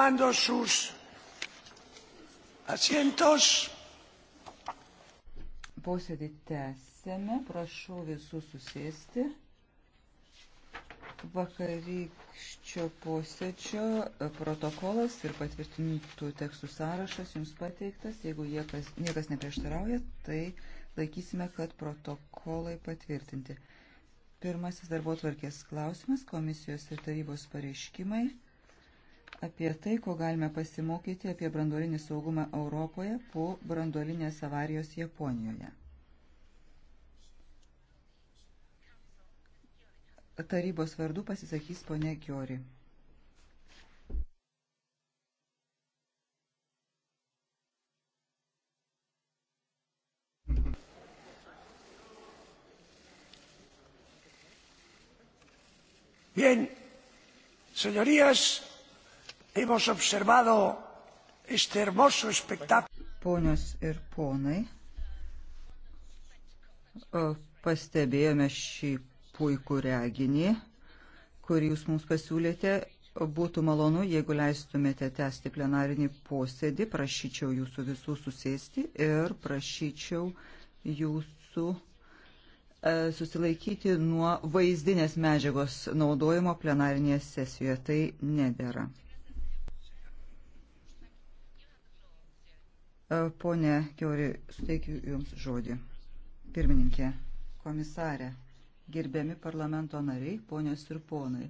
tomando sus asientos. Posėdį tęsėme, prašau visų susėsti. Vakarykščio posėdžio protokolas ir patvirtintų tekstų sąrašas jums pateiktas. Jeigu kas, niekas neprieštarauja, tai laikysime, kad protokolai patvirtinti. Pirmasis darbo tvarkės klausimas - komisijos ir tarybos pareiškimai apie tai, ko galime pasimokyti apie branduolinį saugumą Europoje po branduolinės avarijos Japonijoje. Tarybos vardu pasisakys ponė Giori. Bien, señorías, Hemos observado este hermoso espectáculo. Ponios ir ponai, e, pastebėjome šį puikų reginį, kurį jūs mums pasiūlėte. Būtų malonu, jeigu leistumėte tęsti plenarinį posėdį, prašyčiau jūsų visų susėsti ir prašyčiau jūsų e, susilaikyti nuo vaizdinės medžiagos naudojimo plenarinėje sesijoje. Tai nedėra. E, pone Kiori, suteikiu Jums žodį. Pirmininkė, komisarė, gerbiami parlamento nariai, ponios ir ponai.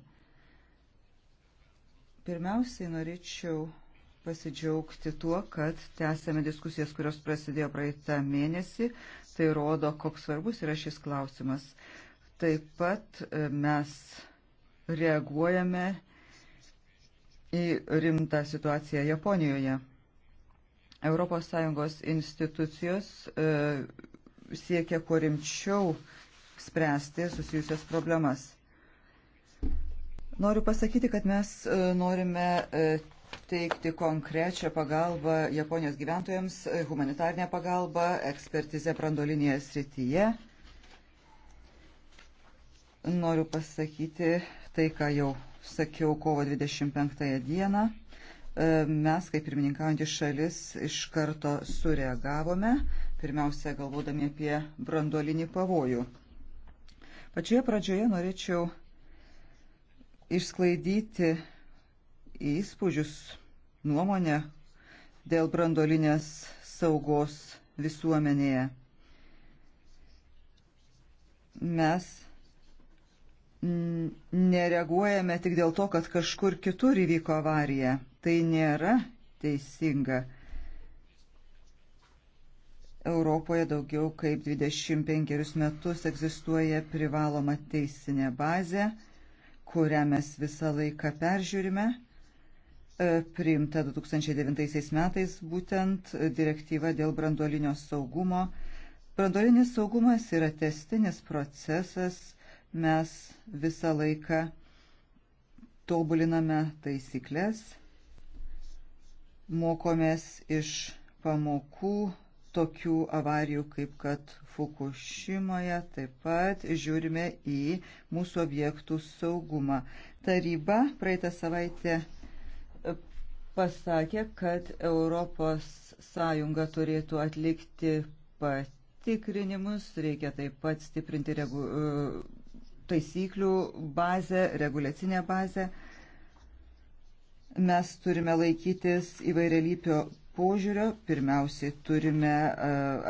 Pirmiausiai norėčiau pasidžiaugti tuo, kad tęsėme diskusijas, kurios prasidėjo praeitą mėnesį. Tai rodo, koks svarbus yra šis klausimas. Taip pat e, mes reaguojame į rimtą situaciją Japonijoje. ES institucijos e, siekia kuo rimčiau spręsti susijusias problemas. Noriu pasakyti, kad mes e, norime e, teikti konkrečią pagalbą Japonijos gyventojams, humanitarnę pagalbą, ekspertizę brandolinėje srityje. Noriu pasakyti tai, ką jau sakiau kovo 25 dieną. E, mes, kaip pirmininkaujantys šalis, iš karto sureagavome, pirmiausia, galvodami apie brandolinį pavojų. Pačioje pradžioje norėčiau išsklaidyti įspūdžius nuomonę dėl brandolinės saugos visuomenėje. Mes nereaguojame tik dėl to, kad kažkur kitur įvyko avarija. Tai nėra teisinga. Europoje daugiau kaip 25 metus egzistuoja privaloma teisinė bazė, kurią mes visą laiką peržiūrime. E, priimta 2009 metais būtent direktyva dėl branduolinio saugumo. Branduolinis saugumas yra testinis procesas. Mes visą laiką tobuliname taisyklės mokomės iš pamokų tokių avarijų kaip kad Fukushimoje, taip pat žiūrime į mūsų objektų saugumą. Taryba praeitą savaitę e, pasakė, kad Europos Sąjunga turėtų atlikti patikrinimus, reikia taip pat stiprinti regu, e, taisyklių bazę, reguliacinę bazę. Mes turime laikytis įvairialypio požiūrio. Pirmiausiai turime e,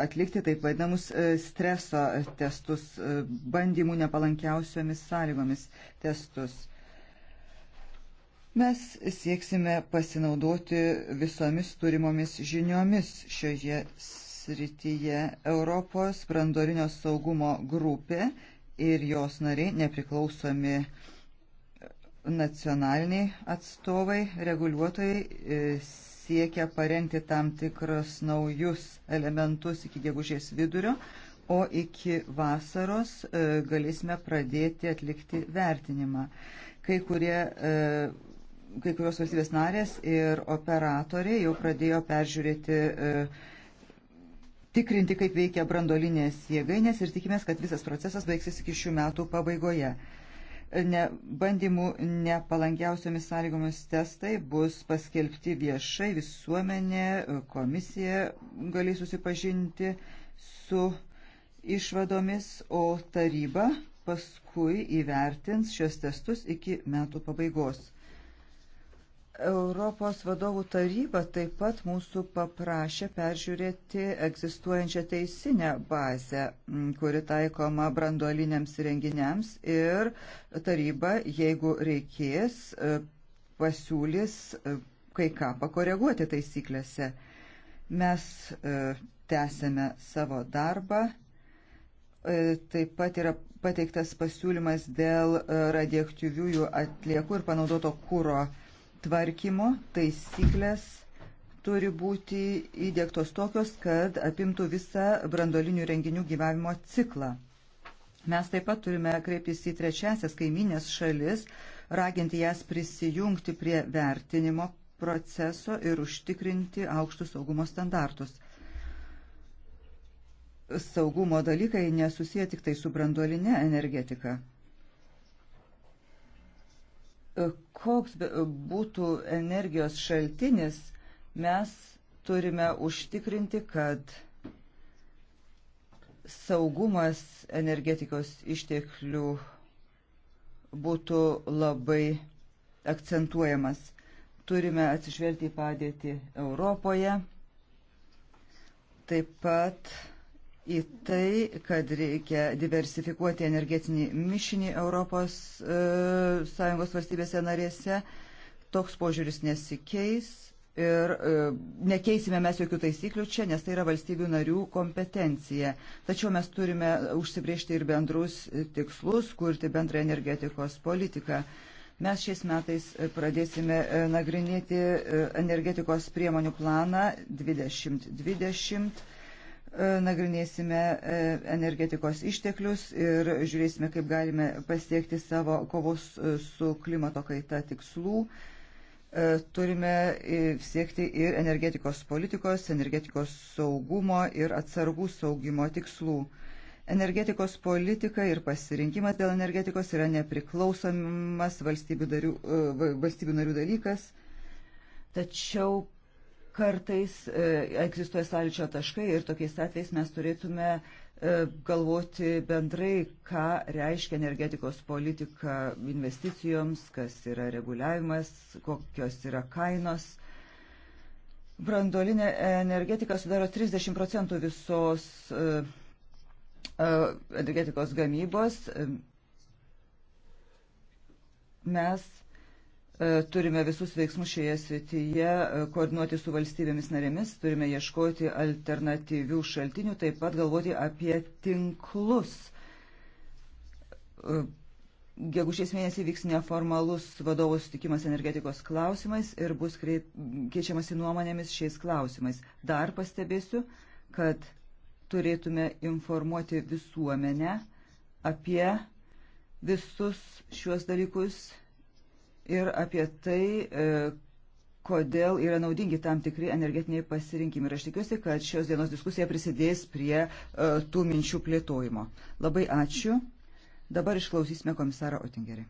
atlikti taip vadinamus e, streso testus, e, bandymų nepalankiausiomis sąlygomis testus. Mes sieksime pasinaudoti visomis turimomis žiniomis šioje srityje Europos brandolinio saugumo grupė ir jos nariai nepriklausomi uh, nacionaliniai atstovai, reguliuotojai e, siekia parengti tam tikros naujus elementus iki gegužės vidurio, o iki vasaros e, galėsime pradėti atlikti vertinimą. Kai kurie e, kai kurios valstybės narės ir operatoriai jau pradėjo peržiūrėti, e, tikrinti, kaip veikia brandolinės jėgainės ir tikimės, kad visas procesas baigsis iki šių metų pabaigoje ne, bandymų nepalankiausiomis sąlygomis testai bus paskelbti viešai, visuomenė, komisija galės susipažinti su išvadomis, o taryba paskui įvertins šios testus iki metų pabaigos. Europos vadovų taryba taip pat mūsų paprašė peržiūrėti egzistuojančią teisinę bazę, kuri taikoma branduoliniams renginiams ir taryba, jeigu reikės, e, pasiūlys e, kai ką pakoreguoti taisyklėse. Mes e, tęsėme savo darbą. Taip pat yra pateiktas pasiūlymas dėl radioaktyviųjų atliekų ir panaudoto kūro uh, tvarkymo taisyklės turi būti įdėktos tokios, kad apimtų visą brandolinių renginių gyvavimo ciklą. Mes taip pat turime kreiptis į trečiasias kaiminės šalis, raginti jas prisijungti prie vertinimo proceso ir užtikrinti aukštus saugumo standartus. Saugumo dalykai nesusiję tik tai su brandolinė energetika koks būtų energijos šaltinis, mes turime užtikrinti, kad saugumas energetikos išteklių būtų labai akcentuojamas. Turime atsižvelgti į padėtį Europoje. Taip pat į tai, kad reikia diversifikuoti energetinį mišinį Europos e, Sąjungos valstybėse narėse. Toks požiūris nesikeis ir e, nekeisime mes jokių taisyklių čia, nes tai yra valstybių narių kompetencija. Tačiau mes turime užsibriežti ir bendrus tikslus, kurti bendrą energetikos politiką. Mes šiais metais pradėsime e, nagrinėti e, energetikos priemonių planą 2020. -20 E, nagrinėsime e, energetikos išteklius ir žiūrėsime, kaip galime pasiekti savo kovos e, su klimato kaita tikslų. Turime siekti ir energetikos politikos, energetikos saugumo ir atsargų saugimo tikslų. Energetikos politika ir pasirinkimas dėl energetikos yra nepriklausomas valstybių, darių, valstybių narių dalykas, tačiau Kartais e, egzistuoja sąlyčio taškai ir tokiais atvejais mes turėtume e, galvoti bendrai, ką reiškia energetikos politika investicijoms, kas yra reguliavimas, kokios yra kainos. Brandolinė energetika sudaro 30 procentų visos e, e, energetikos gamybos. Mes E, turime visus veiksmus šioje srityje e, koordinuoti su valstybėmis narėmis, turime ieškoti alternatyvių šaltinių, taip pat galvoti apie tinklus. E, gegužės mėnesį vyks neformalus vadovų sutikimas energetikos klausimais ir bus kreip, keičiamasi nuomonėmis šiais klausimais. Dar pastebėsiu, kad turėtume informuoti visuomenę apie visus šiuos dalykus ir apie tai, e, kodėl yra naudingi tam tikri energetiniai pasirinkimai. Ir aš tikiuosi, kad šios dienos diskusija prisidės prie e, tų minčių plėtojimo. Labai ačiū. Dabar išklausysime komisarą Otingerį.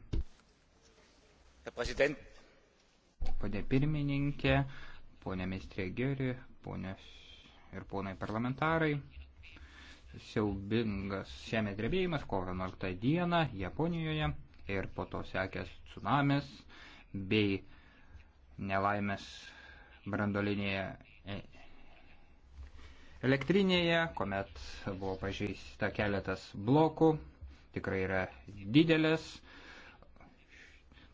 Pone pirmininkė, ponė mistrė Geri, ponės ir ponai parlamentarai, siaubingas žemės drebėjimas kovo 11 dieną Japonijoje ir po to sekęs tsunamis bei nelaimės brandolinėje e- elektrinėje, kuomet buvo pažeista keletas blokų, tikrai yra didelės,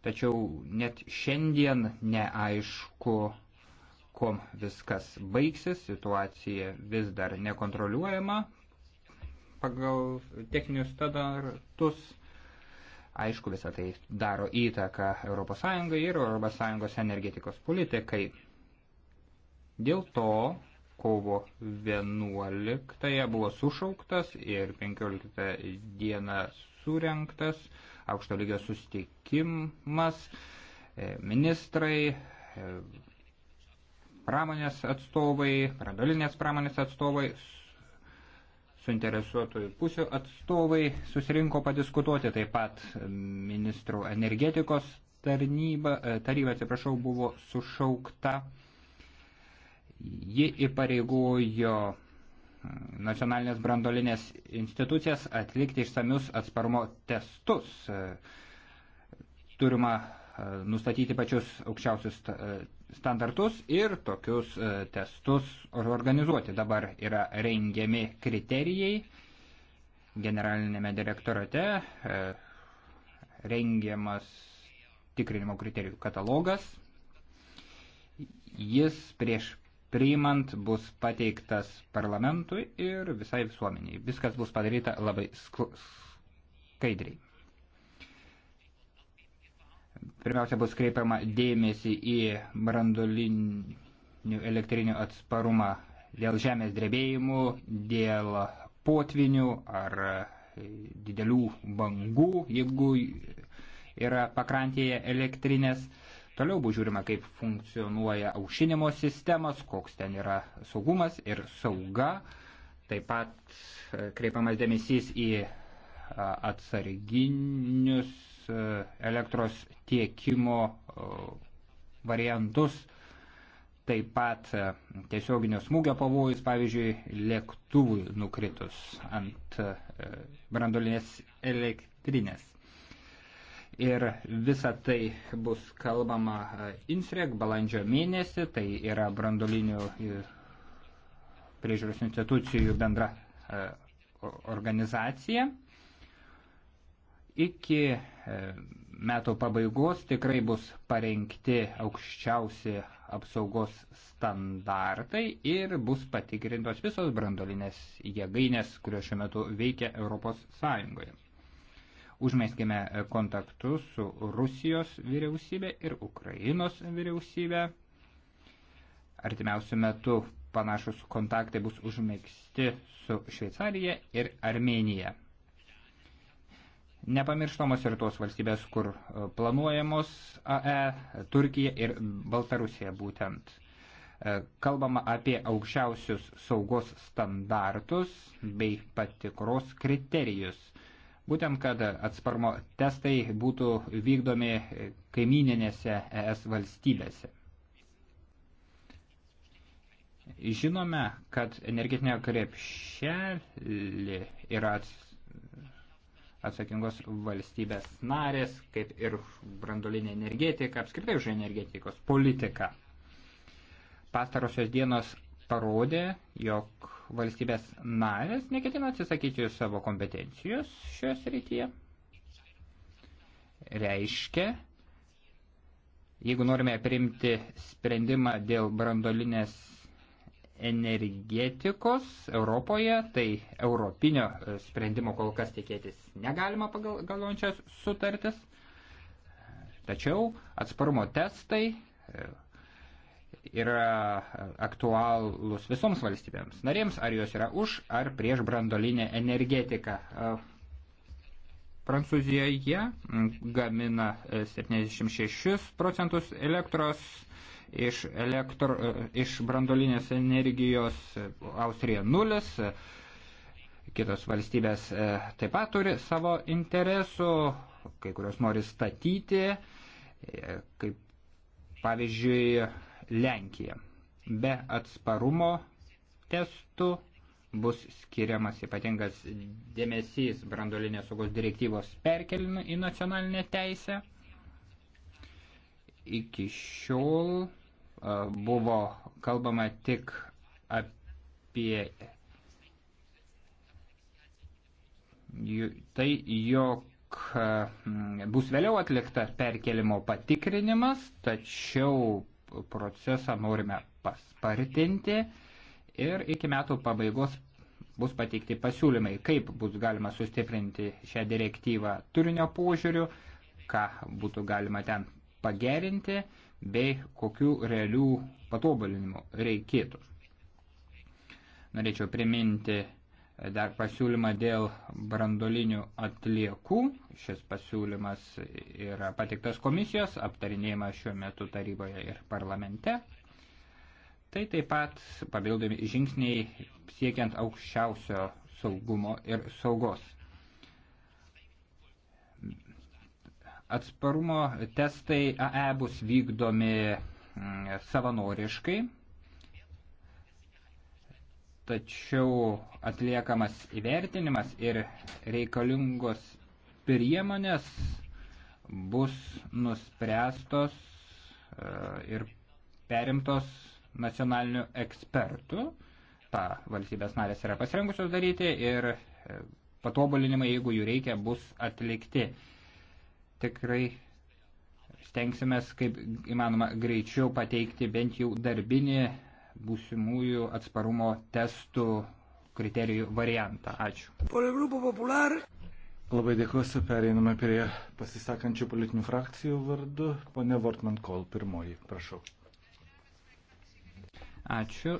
tačiau net šiandien neaišku, kom viskas baigsis, situacija vis dar nekontroliuojama pagal techninius standartus. Aišku, visą tai daro įtaką ES ir ES energetikos politikai. Dėl to kovo 11 buvo sušauktas ir 15 dieną surenktas aukšto lygio sustikimas, e, ministrai, e, pramonės atstovai, pradolinės pramonės atstovai suinteresuotojų pusių atstovai susirinko padiskutuoti taip pat ministrų energetikos tarnyba, e, taryba atsiprašau, buvo sušaukta. Ji įpareigojo e, nacionalinės brandolinės institucijas atlikti išsamius atsparumo testus. E, turima E, nustatyti pačius aukščiausius e, standartus ir tokius e, testus organizuoti. Dabar yra rengiami kriterijai generalinėme direktorate, rengiamas tikrinimo kriterijų katalogas. Jis prieš priimant bus pateiktas parlamentui ir visai visuomeniai. Viskas bus padaryta labai skaidriai. Pirmiausia, bus kreipiama dėmesį į brandolinių elektrinių atsparumą dėl žemės drebėjimų, dėl potvinių ar didelių bangų, jeigu yra pakrantėje elektrinės. Toliau bus žiūrima, kaip funkcionuoja aušinimo sistemas, koks ten yra saugumas ir sauga. Taip pat kreipiamas dėmesys į atsarginius E, elektros tiekimo e, variantus, taip pat e, tiesioginio smūgio pavojus, pavyzdžiui, lėktuvui nukritus ant brandolinės elektrinės. Ir visa tai bus kalbama INSREG balandžio mėnesį, tai yra brandolinių priežiūros institucijų bendra organizacija. Iki e, metų pabaigos tikrai bus parengti aukščiausi apsaugos standartai ir bus patikrintos visos brandolinės jėgainės, kurios šiuo metu veikia Europos Sąjungoje. Užmeiskime kontaktus su Rusijos vyriausybė ir Ukrainos vyriausybė. Artimiausių metų panašus kontaktai bus užmėgsti su Šveicarija ir Armenija. Nepamirštamos ir tos valstybės, kur e, planuojamos AE, Turkija ir Baltarusija būtent. E, kalbama apie aukščiausius saugos standartus bei patikros kriterijus. Būtent, kad atsparmo testai būtų vykdomi kaimininėse ES valstybėse. Žinome, kad energetinė krepšelė yra atsitikta atsakingos valstybės narės, kaip ir brandolinė energetika, apskritai už energetikos politiką. Pastarosios dienos parodė, jog valstybės narės neketina atsisakyti savo kompetencijos šioje srityje. Reiškia, jeigu norime primti sprendimą dėl brandolinės energetikos Europoje, tai europinio e, sprendimo kol kas tikėtis negalima pagal galiojančias sutartis. Tačiau atsparumo testai e, yra aktualūs visoms valstybėms narėms, ar jos yra už ar prieš brandolinę energetiką. E, Prancūzijoje gamina 76 procentus elektros iš, elektro, e, iš brandolinės energijos e, Austrija nulis, e, kitos valstybės taip pat turi savo interesų, kai kurios nori statyti, kaip pavyzdžiui Lenkija. Be atsparumo testų bus skiriamas ypatingas dėmesys brandolinės saugos direktyvos perkelinų į nacionalinę teisę iki šiol buvo kalbama tik apie tai, jog bus vėliau atlikta perkelimo patikrinimas, tačiau procesą norime paspartinti ir iki metų pabaigos bus pateikti pasiūlymai, kaip bus galima sustiprinti šią direktyvą turinio požiūriu, ką būtų galima ten pagerinti bei kokių realių patobulinimų reikėtų. Norėčiau priminti dar pasiūlymą dėl brandolinių atliekų. Šis pasiūlymas yra patiktas komisijos, aptarinėjimas šiuo metu taryboje ir parlamente. Tai taip pat papildomi žingsniai siekiant aukščiausio saugumo ir saugos. Atsparumo testai AE bus vykdomi mm, savanoriškai, tačiau atliekamas įvertinimas ir reikalingos priemonės bus nuspręstos e, ir perimtos nacionalinių ekspertų. Ta valstybės narės yra pasirengusios daryti ir e, patobulinimai, jeigu jų reikia, bus atlikti tikrai stengsime kaip įmanoma greičiau pateikti bent jau darbinį būsimųjų atsparumo testų kriterijų variantą. Ačiū. Labai dėkuosiu, pereiname prie pasisakančių politinių frakcijų vardu. Pone Vortman Kol, pirmoji, prašau. Ačiū.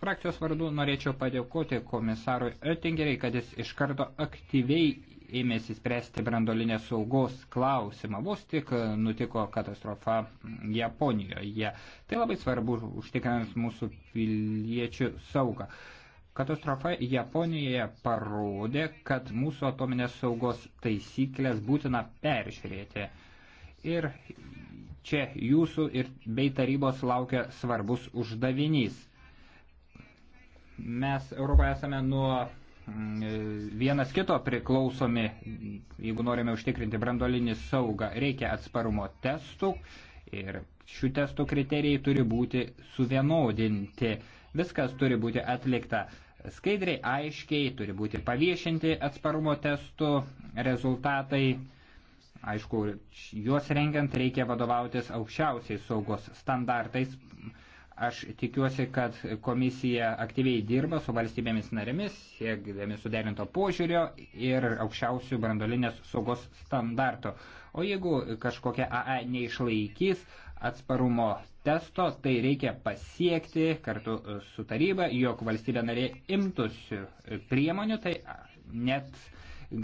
Frakcijos vardu norėčiau padėkoti komisarui Oettingeriai, kad jis iš karto aktyviai ėmėsi spręsti brandolinės saugos klausimą, vos tik nutiko katastrofa Japonijoje. Tai labai svarbu užtikrinant mūsų piliečių saugą. Katastrofa Japonijoje parodė, kad mūsų atominės saugos taisyklės būtina peržiūrėti. Ir čia jūsų ir bei tarybos laukia svarbus uždavinys. Mes Europoje esame nuo Mm, e, vienas kito priklausomi, jeigu norime užtikrinti brandolinį saugą, reikia atsparumo testų ir šių testų kriterijai turi būti suvienodinti. Viskas turi būti atlikta skaidriai, aiškiai, turi būti paviešinti atsparumo testų rezultatai. Aišku, juos rengiant reikia vadovautis aukščiausiais saugos standartais. Aš tikiuosi, kad komisija aktyviai dirba su valstybėmis narėmis, siekdami suderinto požiūrio ir aukščiausių brandolinės saugos standarto. O jeigu kažkokia AE neišlaikys atsparumo testo, tai reikia pasiekti kartu su taryba, jog valstybė narė imtųsi priemonių, tai net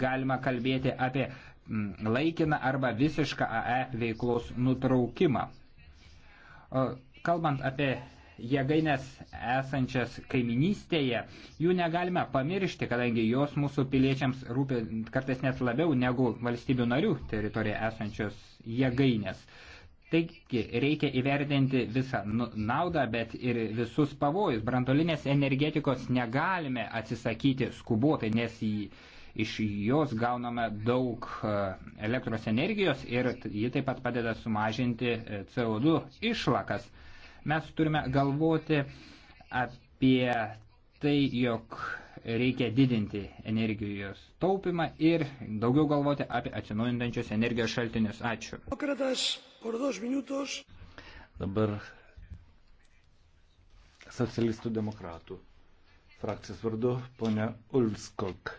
galima kalbėti apie mm, laikiną arba visišką AE veiklos nutraukimą. Kalbant apie jėgainės esančias kaiminystėje, jų negalime pamiršti, kadangi jos mūsų piliečiams rūpi kartais net labiau negu valstybių narių teritorijoje esančios jėgainės. Taigi reikia įvertinti visą nu, naudą, bet ir visus pavojus. Brandolinės energetikos negalime atsisakyti skubotai, nes jį, iš jos gauname daug e, elektros energijos ir ji taip pat padeda sumažinti e, CO2 išlakas. Mes turime galvoti apie tai, jog reikia didinti energijos taupimą ir daugiau galvoti apie atsinaujinančios energijos šaltinius. Ačiū. Dabar socialistų demokratų frakcijos vardu ponia Ulfskog.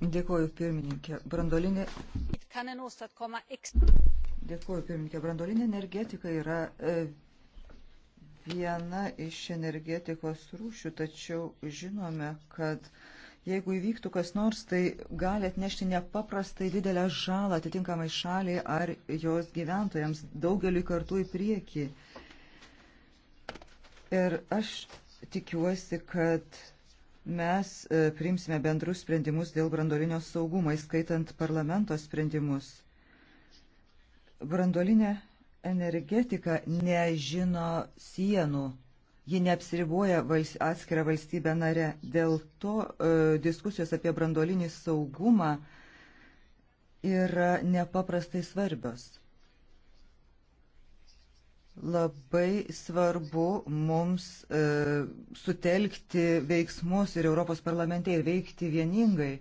Dėkuoju pirmininkė. Brandolinė. Dėkuoju pirmininkė. Brandolinė energetika yra e, viena iš energetikos rūšių, tačiau žinome, kad jeigu įvyktų kas nors, tai gali atnešti nepaprastai didelę žalą atitinkamai šaliai ar jos gyventojams daugeliu kartų į priekį. Ir aš tikiuosi, kad Mes e, priimsime bendrus sprendimus dėl brandolinio saugumo, įskaitant parlamento sprendimus. Brandolinė energetika nežino sienų ji neapsiriboja vals, atskirą valstybę narę. Dėl to e, diskusijos apie brandolinį saugumą yra nepaprastai svarbios. Labai svarbu mums e, sutelkti veiksmus ir Europos parlamente ir veikti vieningai.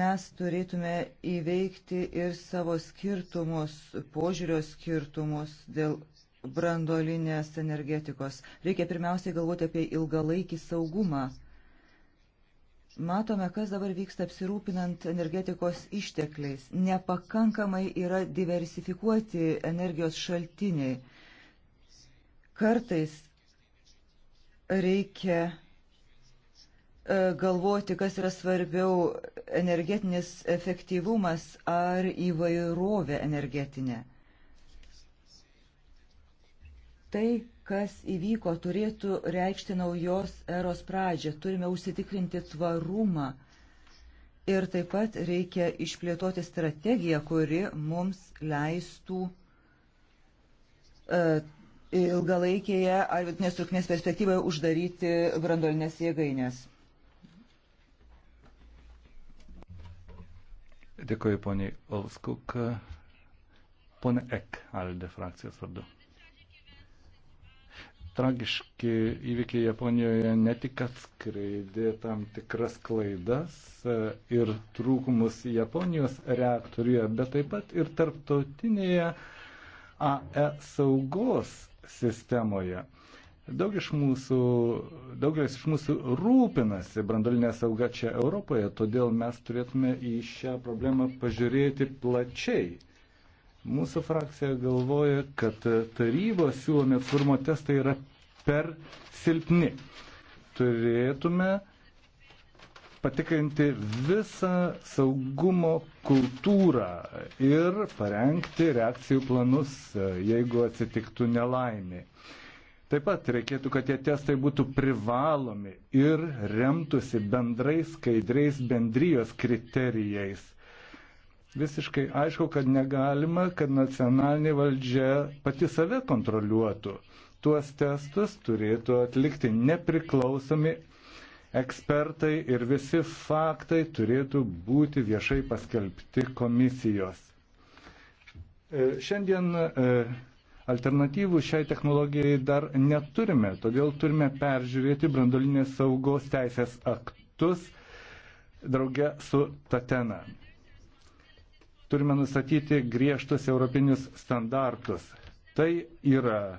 Mes turėtume įveikti ir savo skirtumus, požiūrio skirtumus dėl brandolinės energetikos. Reikia pirmiausiai galvoti apie ilgalaikį saugumą. Matome, kas dabar vyksta apsirūpinant energetikos ištekliais. Nepakankamai yra diversifikuoti energijos šaltiniai. Kartais reikia e, galvoti, kas yra svarbiau - energetinis efektyvumas ar įvairovė energetinė. Tai kas įvyko, turėtų reikšti naujos eros pradžią. Turime užsitikrinti tvarumą ir taip pat reikia išplėtoti strategiją, kuri mums leistų uh, ilgalaikėje ar vidutinės trukmės perspektyvoje uždaryti brandolinės jėgainės. Dėkuoju poniai Olskuk. Pone Ek, Alde frakcijos vardu. Tragiški įvykiai Japonijoje ne tik atskleidė tam tikras klaidas e, ir trūkumus Japonijos reaktoriuje, bet taip pat ir tarptautinėje AE saugos sistemoje. Daug iš mūsų, daugelis iš mūsų rūpinasi brandolinė sauga čia Europoje, todėl mes turėtume į šią problemą pažiūrėti plačiai. Mūsų frakcija galvoja, kad tarybos siūlomi atsvarumo testai yra per silpni. Turėtume patikrinti visą saugumo kultūrą ir parengti reakcijų planus, jeigu atsitiktų nelaimė. Taip pat reikėtų, kad tie testai būtų privalomi ir remtųsi bendrais skaidriais bendrijos kriterijais visiškai aišku, kad negalima, kad nacionalinė valdžia pati save kontroliuotų. Tuos testus turėtų atlikti nepriklausomi ekspertai ir visi faktai turėtų būti viešai paskelbti komisijos. E, šiandien e, alternatyvų šiai technologijai dar neturime, todėl turime peržiūrėti brandolinės saugos teisės aktus drauge su Tatena turime nustatyti griežtus europinius standartus. Tai yra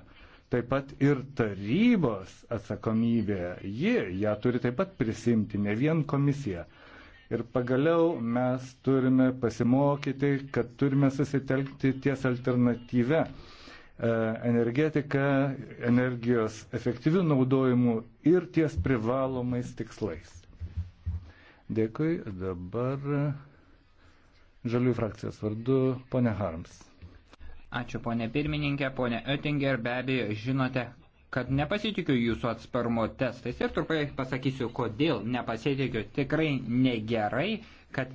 taip pat ir tarybos atsakomybė. Ji ją turi taip pat prisimti, ne vien komisija. Ir pagaliau mes turime pasimokyti, kad turime susitelkti ties alternatyve e, energetika, energijos efektyvių naudojimų ir ties privalomais tikslais. Dėkui, dabar Žalių frakcijos vardu, ponė Harms. Ačiū, ponė pirmininkė, ponė Oettinger, be abejo, žinote, kad nepasitikiu jūsų atsparumo testais ir trumpai pasakysiu, kodėl nepasitikiu. Tikrai negerai, kad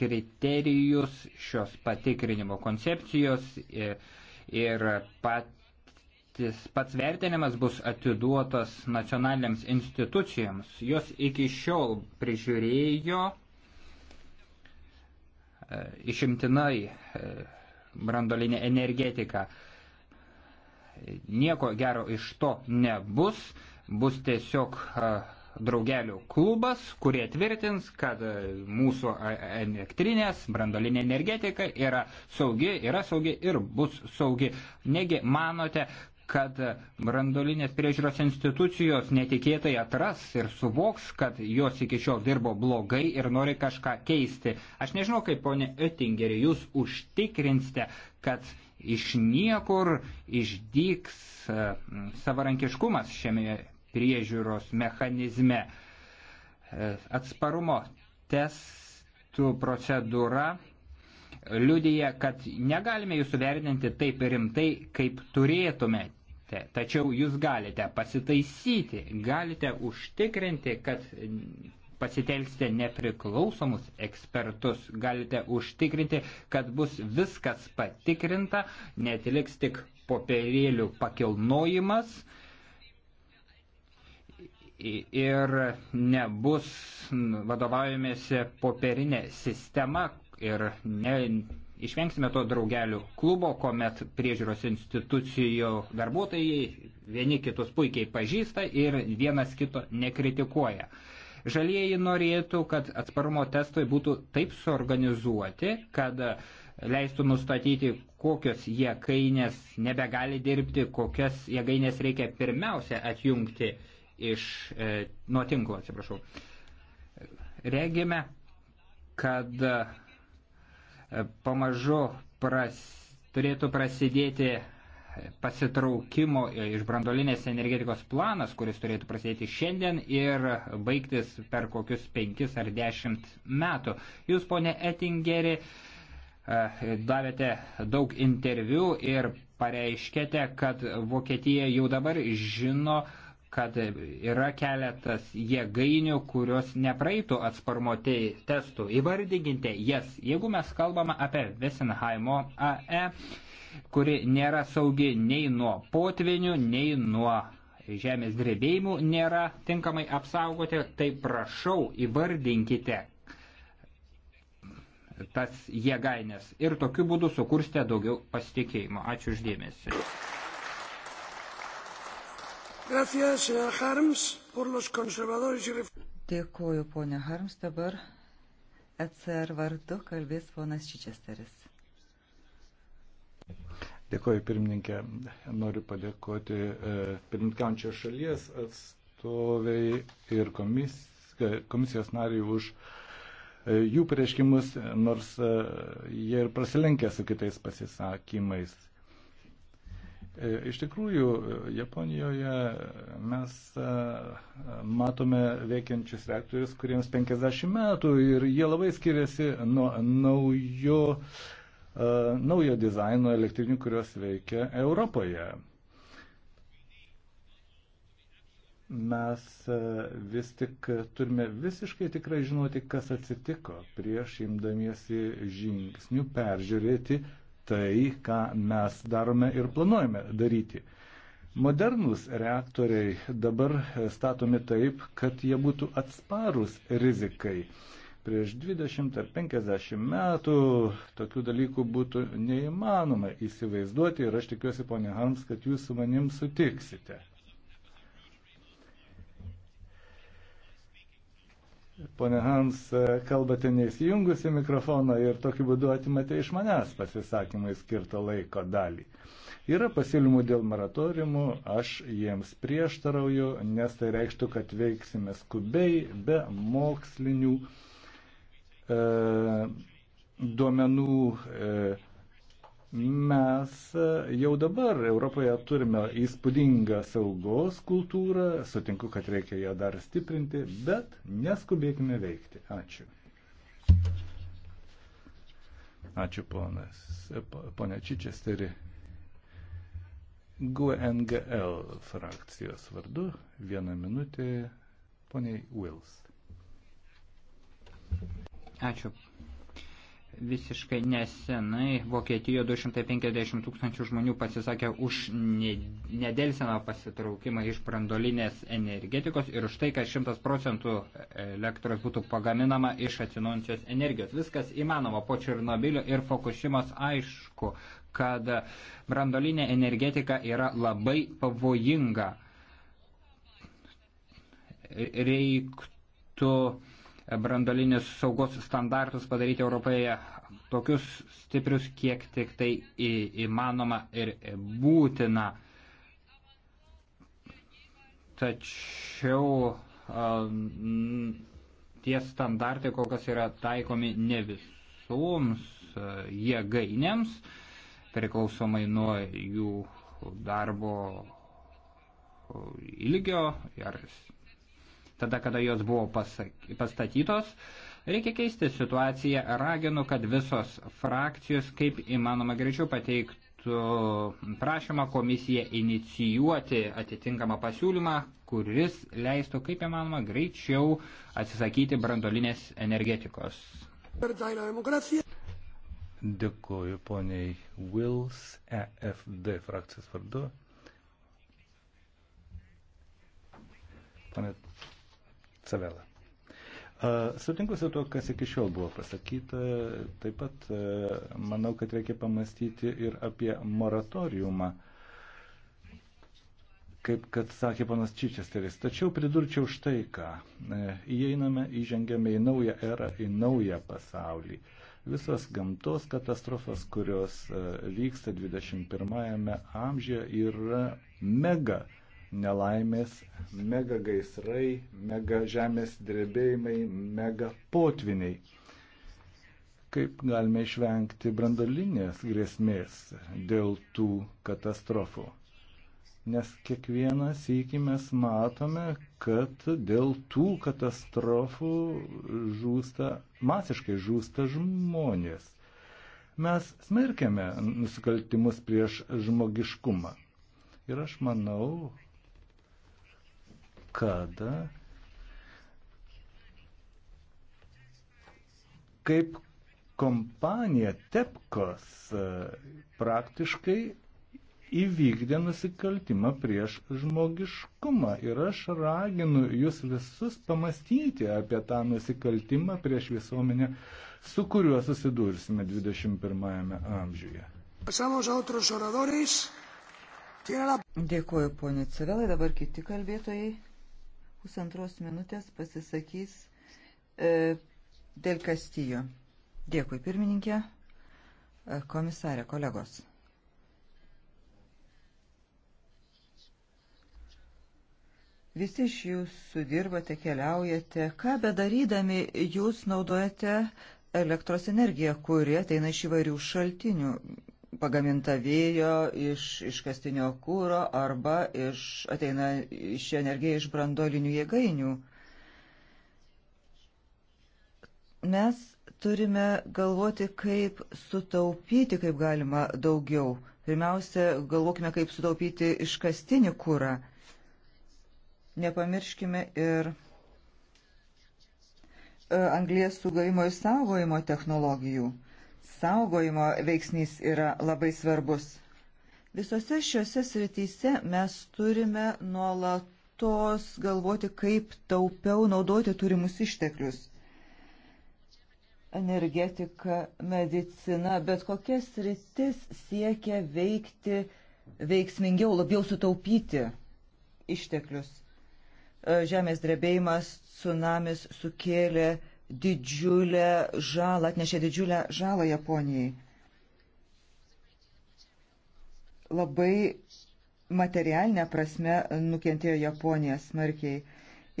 kriterijus šios patikrinimo koncepcijos ir, ir patys, pats vertinimas bus atiduotas nacionaliniams institucijoms. Jos iki šiol prižiūrėjo išimtinai e, brandolinę energetiką. Nieko gero iš to nebus, bus tiesiog e, draugelių klubas, kurie tvirtins, kad e, mūsų elektrinės brandolinė energetika yra saugi, yra saugi ir bus saugi. Negi manote, kad brandolinės priežiūros institucijos netikėtai atras ir suvoks, kad jos iki šiol dirbo blogai ir nori kažką keisti. Aš nežinau, kaip ponė Oettingeri, jūs užtikrinsite, kad iš niekur išdyks e, savarankiškumas šiame priežiūros mechanizme. E, atsparumo testų procedūra liudyje, kad negalime jūsų vertinti taip rimtai, kaip turėtume galite, tačiau jūs galite pasitaisyti, galite užtikrinti, kad pasitelksite nepriklausomus ekspertus, galite užtikrinti, kad bus viskas patikrinta, netliks tik popierėlių pakilnojimas ir nebus vadovaujamėsi popierinė sistema ir ne, išvengsime to draugelių klubo, kuomet priežiūros institucijų darbuotojai vieni kitus puikiai pažįsta ir vienas kito nekritikuoja. Žalieji norėtų, kad atsparumo testai būtų taip suorganizuoti, kad leistų nustatyti, kokios jėgainės nebegali dirbti, kokias jėgainės reikia pirmiausia atjungti iš, e, nuo tinklo, atsiprašau. Regime, kad pamažu pras, turėtų prasidėti pasitraukimo iš brandolinės energetikos planas, kuris turėtų prasidėti šiandien ir baigtis per kokius penkis ar dešimt metų. Jūs, ponė Ettingeri, e, davėte daug interviu ir pareiškėte, kad Vokietija jau dabar žino, kad yra keletas jėgainių, kurios nepraeitų atsparmo testų. Įvardinkite jas. Yes. Jeigu mes kalbame apie Vesenheimo AE, kuri nėra saugi nei nuo potvinių, nei nuo žemės drebėjimų, nėra tinkamai apsaugoti, tai prašau įvardinkite tas jėgainės ir tokiu būdu sukursite daugiau pasitikėjimo. Ačiū uždėmesi. Gracias, Harms, por los conservadores y Dėkuoju, ponia Harms. Dabar ECR vardu kalbės ponas Čičesteris. Dėkuoju, pirmininkė. Noriu padėkoti e, pirmininkaujančios šalies atstoviai ir komis, e, komisijos nariai už e, jų prieškimus, nors jie ir prasilenkė su kitais pasisakymais. E, iš tikrųjų, Japonijoje mes e, matome veikiančius reaktorius, kuriems 50 metų ir jie labai skiriasi nuo naujo, e, naujo dizaino elektrinių, kurios veikia Europoje. Mes vis tik turime visiškai tikrai žinoti, kas atsitiko prieš imdamiesi žingsnių peržiūrėti tai, ką mes darome ir planuojame daryti. Modernus reaktoriai dabar statomi taip, kad jie būtų atsparus rizikai. Prieš 20 ar 50 metų tokių dalykų būtų neįmanoma įsivaizduoti ir aš tikiuosi, ponė Harms, kad jūs su manim sutiksite. Pone Hans, e, kalbate neįsijungusi mikrofoną ir tokiu būdu atimate iš manęs pasisakymai skirtą laiko dalį. Yra pasiūlymų dėl moratoriumų, aš jiems prieštarauju, nes tai reikštų, kad veiksime skubiai, be mokslinių e, duomenų. E, Mes jau dabar Europoje turime įspūdingą saugos kultūrą, sutinku, kad reikia ją dar stiprinti, bet neskubėkime veikti. Ačiū. Ačiū ponas, ponė Čičesteri. GUNGL frakcijos vardu vieną minutę poniai Wills. Ačiū, visiškai nesenai Vokietijoje 250 tūkstančių žmonių pasisakė už nedelsiamą pasitraukimą iš brandolinės energetikos ir už tai, kad 100 procentų elektros būtų pagaminama iš atsinaujančios energijos. Viskas įmanoma po Černobilio ir Fukushimas aišku, kad brandolinė energetika yra labai pavojinga. Reiktų brandolinius saugos standartus padaryti Europoje tokius stiprius, kiek tik tai įmanoma ir būtina. Tačiau tie standartai kol kas yra taikomi ne visoms jėgainėms, priklausomai nuo jų darbo ilgio ar tada, kada jos buvo pastatytos. Reikia keisti situaciją. Raginu, kad visos frakcijos kaip įmanoma greičiau pateiktų prašymą komisiją inicijuoti atitinkamą pasiūlymą, kuris leistų kaip įmanoma greičiau atsisakyti brandolinės energetikos. Dėkuoju poniai Wills, EFD frakcijos vardu. Pane Cavela. Sutinku su to, kas iki šiol buvo pasakyta. Taip pat manau, kad reikia pamastyti ir apie moratoriumą, kaip kad sakė panas Čičesteris. Tačiau pridurčiau štai ką. E, įeiname, įžengėme į naują erą, į naują pasaulį. Visos gamtos katastrofos, kurios e, vyksta 21-ame amžiuje, yra mega nelaimės, mega gaisrai, mega žemės drebėjimai, mega potviniai. Kaip galime išvengti brandolinės grėsmės dėl tų katastrofų? Nes kiekvieną sėkį mes matome, kad dėl tų katastrofų žūsta, masiškai žūsta žmonės. Mes smerkiame nusikaltimus prieš žmogiškumą. Ir aš manau, kad kaip kompanija Tepkos e, praktiškai įvykdė nusikaltimą prieš žmogiškumą. Ir aš raginu jūs visus pamastyti apie tą nusikaltimą prieš visuomenę, su kuriuo susidursime 21-ame amžiuje. Dėkuoju, ponė Civelai, dabar kiti kalbėtojai pusantros minutės pasisakys e, Del Castillo. Dėkui, pirmininkė, e, komisarė, kolegos. Visi iš jūsų dirbate, keliaujate. Ką bedarydami, jūs naudojate elektros energiją, kuri ateina iš įvairių šaltinių pagaminta vėjo, iš iškastinio kūro arba iš, ateina iš energija iš brandolinių jėgainių. Mes turime galvoti, kaip sutaupyti, kaip galima daugiau. Pirmiausia, galvokime, kaip sutaupyti iškastinį kūrą. Nepamirškime ir e, anglės sugavimo išsaugojimo technologijų saugojimo veiksnys yra labai svarbus. Visose šiuose srityse mes turime nuolatos galvoti, kaip taupiau naudoti turimus išteklius. Energetika, medicina, bet kokias sritis siekia veikti veiksmingiau, labiau sutaupyti išteklius. Žemės drebėjimas, tsunamis sukėlė didžiulę žalą, atnešė didžiulę žalą Japonijai. Labai materialinę prasme nukentėjo Japonija smarkiai.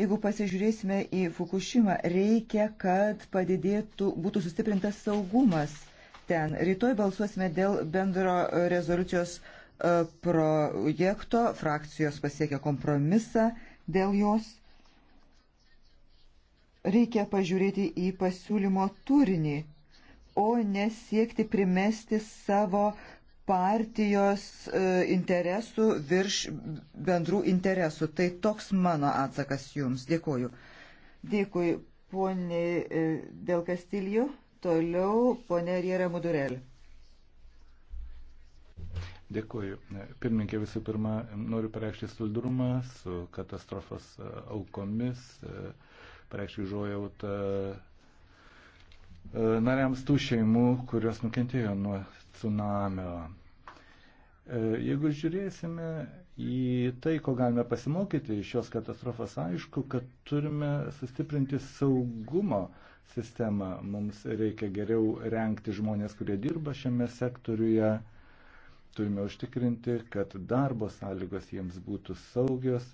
Jeigu pasižiūrėsime į Fukushimą, reikia, kad padidėtų, būtų sustiprintas saugumas ten. Rytoj balsuosime dėl bendro rezoliucijos e, projekto, frakcijos pasiekė kompromisą dėl jos. Reikia pažiūrėti į pasiūlymo turinį, o nesiekti primesti savo partijos e, interesų virš bendrų interesų. Tai toks mano atsakas jums. Dėkuoju. Dėkui, ponė e, Del Kastilijų. Toliau ponė Riera Mudurel. Dėkuoju. E, pirmininkė, visų pirma, noriu pareikšti solidarumą su katastrofos aukomis. Uh, pareikšti užuojautą e, e, nariams tų šeimų, kurios nukentėjo nuo tsunamio. E, jeigu žiūrėsime į tai, ko galime pasimokyti iš šios katastrofos, aišku, kad turime sustiprinti saugumo sistemą. Mums reikia geriau renkti žmonės, kurie dirba šiame sektoriuje. Turime užtikrinti, kad darbo sąlygos jiems būtų saugios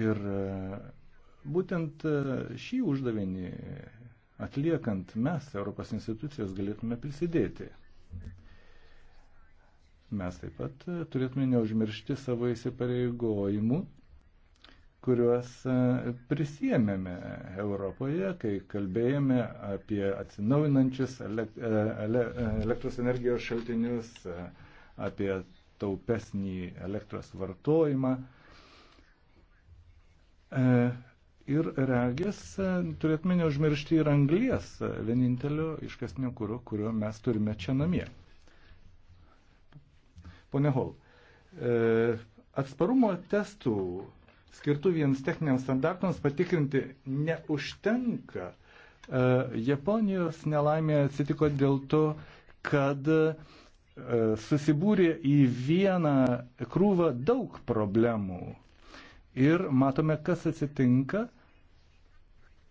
Ir e, būtent e, šį uždavinį atliekant mes, Europos institucijos, galėtume prisidėti. Mes taip pat e, turėtume neužmiršti savo įsipareigojimų, kuriuos prisėmėme Europoje, kai kalbėjome apie atsinaujinančius elektros energijos šaltinius, apie taupesnį elektros vartojimą. E, ir regis e, turėtume neužmiršti ir anglies, e, vienintelio iškasnio kūro, kurio mes turime čia namie. Pone Hol, atsparumo testų skirtų vienas techniniams standartams patikrinti neužtenka. Japonijos nelaimė atsitiko dėl to, kad susibūrė į vieną krūvą daug problemų ir matome, kas atsitinka,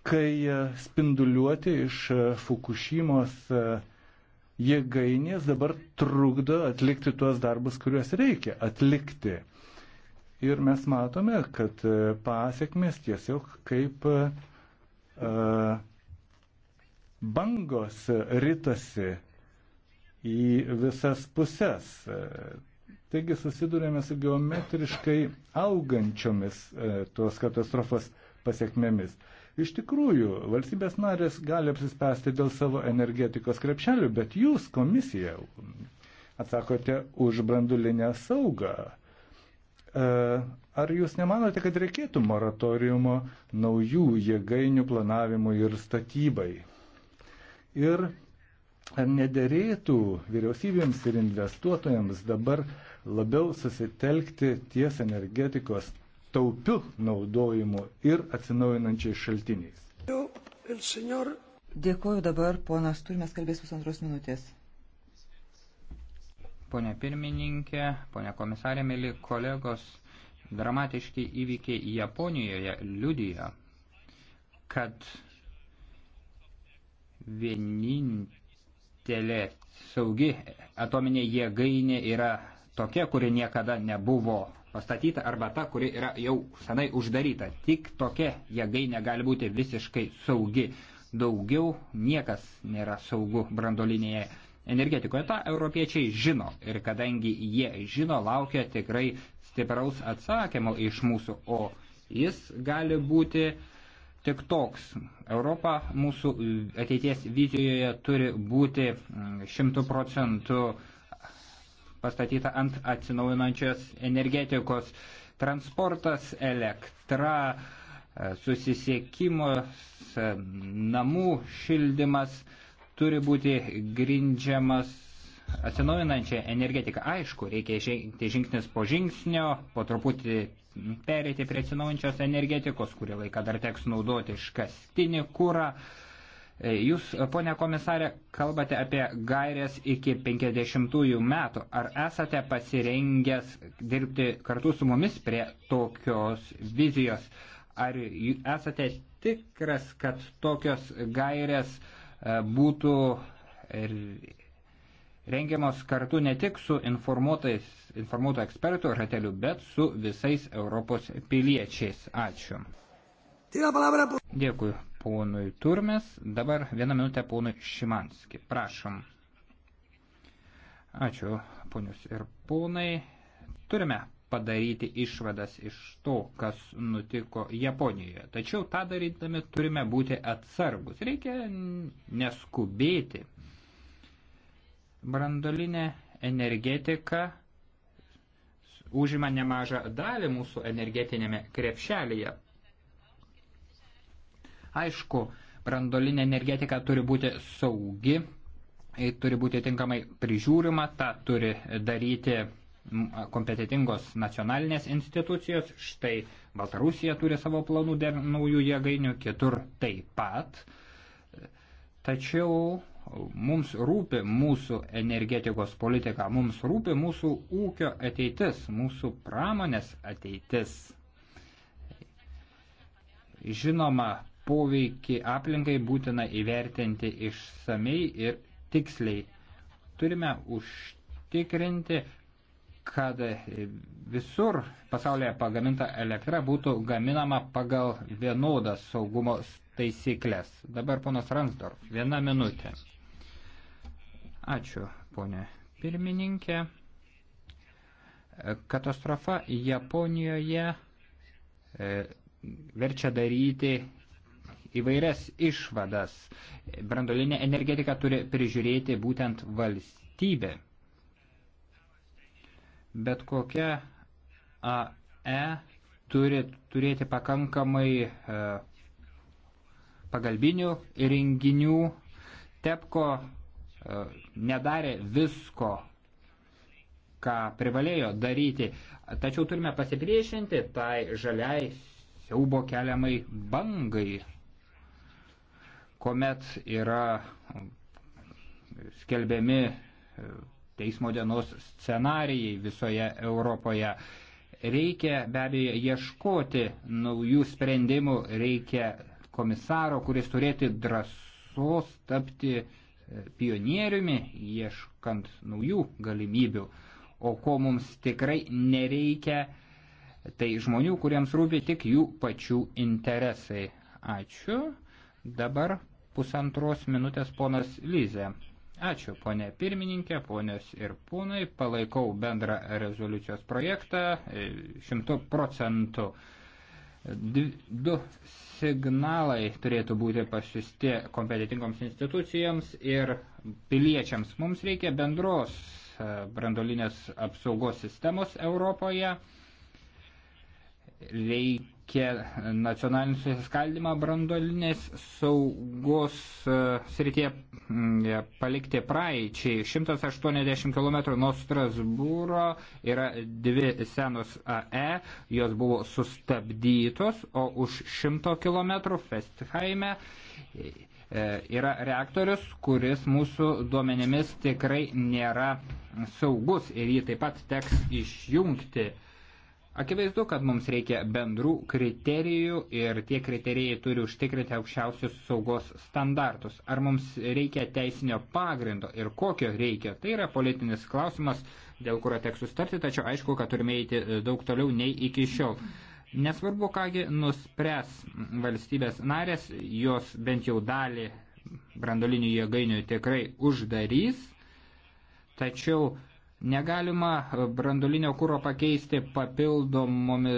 kai e, spinduliuoti iš e, Fukushimos e, jėgainės dabar trukdo atlikti tuos darbus, kuriuos reikia atlikti. Ir mes matome, kad pasiekmes tiesiog kaip bangos ritasi į visas puses. Taigi susidurėme su geometriškai augančiomis e, tos katastrofos pasiekmėmis. Iš tikrųjų, valstybės narės gali apsispręsti dėl savo energetikos krepšelių, bet jūs, komisija, atsakote už brandulinę saugą. E, ar jūs nemanote, kad reikėtų moratoriumo naujų jėgainių planavimui ir statybai? Ir ar nederėtų vyriausybėms ir investuotojams dabar uh, labiau susitelkti ties energetikos taupiu naudojimu ir atsinaujinančiais šaltiniais. Dėkuoju dabar, ponas Turmės kalbės pusantros minutės. Pone pirmininkė, pone komisarė, mėly kolegos, dramatiški įvykiai Japonijoje liudijo, kad vienintelė saugi atominė jėgainė yra tokia, kuri niekada nebuvo pastatyta arba ta, kuri yra jau senai uždaryta. Tik tokia jėgainė gali būti visiškai saugi. Daugiau niekas nėra saugu brandolinėje energetikoje. Ta europiečiai žino ir kadangi jie žino, laukia tikrai stipraus atsakymo iš mūsų, o jis gali būti tik toks. Europa mūsų ateities vizijoje turi būti mm, šimtų procentų pastatyta ant atsinaujinančios energetikos. Transportas, elektra, e, susisiekimas, e, namų šildymas turi būti grindžiamas atsinaujinančią energetiką. Aišku, reikia žengti žingsnis po žingsnio, po truputį perėti prie atsinaujinančios energetikos, kurį laiką dar teks naudoti iškastinį kūrą. E, jūs, e, ponia komisarė, kalbate apie gairės iki 50 metų. Ar esate pasirengęs dirbti kartu su mumis prie tokios vizijos? Ar esate tikras, kad tokios gairės e, būtų rengiamos kartu ne tik su informuotų ekspertų rateliu, bet su visais Europos piliečiais. Ačiū. Dėkui, ponui Turmes, dabar vieną minutę ponui Šimanski. Prašom. Ačiū, ponius ir ponai. Turime padaryti išvadas iš to, kas nutiko Japonijoje. Tačiau tą darydami turime būti atsargus. Reikia neskubėti. Brandolinė energetika užima nemažą dalį mūsų energetinėme krepšelėje. Aišku, brandolinė energetika turi būti saugi, turi būti tinkamai prižiūrima, tą turi daryti kompetitingos nacionalinės institucijos. Štai Baltarusija turi savo planų dėl naujų jėgainių, kitur taip pat. Tačiau mums rūpi mūsų energetikos politika, mums rūpi mūsų ūkio ateitis, mūsų pramonės ateitis. Žinoma, poveikį aplinkai būtina įvertinti išsamei ir tiksliai. Turime užtikrinti, kad visur pasaulyje pagaminta elektra būtų gaminama pagal vienodas saugumo taisyklės. Dabar ponas Ransdorf, viena minutė. Ačiū, ponė pirmininkė. Katastrofa Japonijoje e, verčia daryti įvairias išvadas. Brandolinė energetika turi prižiūrėti būtent valstybė. Bet kokia AE turi turėti pakankamai e, pagalbinių renginių. Tepko e, nedarė visko, ką privalėjo daryti. Tačiau turime pasipriešinti tai žaliai siaubo keliamai bangai kuomet yra skelbiami teismo dienos scenarijai visoje Europoje. Reikia be abejo ieškoti naujų sprendimų, reikia komisaro, kuris turėti drąsos tapti e, pionieriumi, ieškant naujų galimybių. O ko mums tikrai nereikia, tai žmonių, kuriems rūpi tik jų pačių interesai. Ačiū. Dabar pusantros minutės ponas Lyze. Ačiū, ponė pirmininkė, ponios ir ponai, palaikau bendrą rezoliucijos projektą e, šimtų procentų. Du signalai turėtų būti pasiusti kompetitingoms institucijoms ir piliečiams. Mums reikia bendros e, brandolinės apsaugos sistemos Europoje. Reikia apie nacionalinį susiskaldimą brandolinės saugos e, srityje e, palikti praeičiai. 180 km nuo Strasbūro yra dvi senos AE, jos buvo sustabdytos, o už 100 km Festhaime e, yra reaktorius, kuris mūsų duomenimis tikrai nėra saugus ir jį taip pat teks išjungti. Akivaizdu, kad mums reikia bendrų kriterijų ir tie kriterijai turi užtikrinti aukščiausius saugos standartus. Ar mums reikia teisinio pagrindo ir kokio reikia, tai yra politinis klausimas, dėl kurio teks sustarti, tačiau aišku, kad turime eiti e, daug toliau nei iki šiol. Nesvarbu, kągi nuspręs valstybės narės, jos bent jau dalį brandolinių jėgainių tikrai uždarys, tačiau Negalima e, brandolinio kūro pakeisti papildomų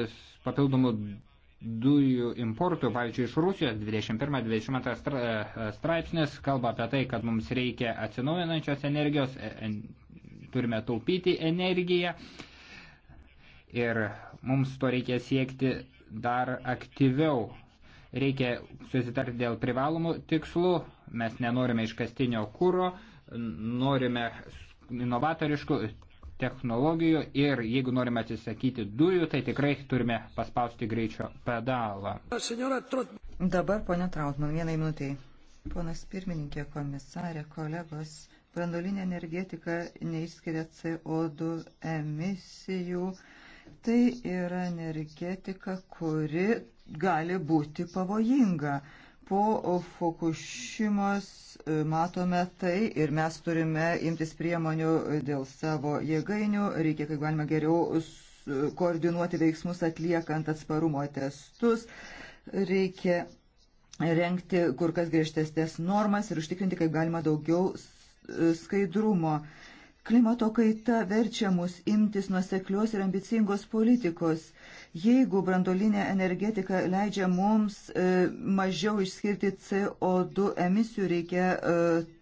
dujų importų, pavyzdžiui, iš Rusijos 21-22 e, straipsnis kalba apie tai, kad mums reikia atsinaujinančios energijos, e, turime taupyti energiją ir mums to reikia siekti dar aktyviau. Reikia susitarti dėl privalomų tikslų, mes nenorime iškastinio kūro, norime inovatoriškų technologijų ir jeigu norime atsisakyti dujų, tai tikrai turime paspausti greičio pedalą. Dabar, ponia Trautman, vienai minutiai. Ponas pirmininkė, komisarė, kolegos, brandolinė energetika neišskiria CO2 emisijų. Tai yra energetika, kuri gali būti pavojinga. Po Fukushimos e, matome tai ir mes turime imtis priemonių dėl savo jėgainių. Reikia, kaip galima geriau koordinuoti veiksmus atliekant atsparumo testus. Reikia rengti kur kas griežtesnės normas ir užtikrinti kaip galima daugiau e, skaidrumo. Klimato kaita verčia mus imtis nuoseklios ir ambicingos politikos. Jeigu brandolinė energetika leidžia mums e, mažiau išskirti CO2 emisijų, reikia e,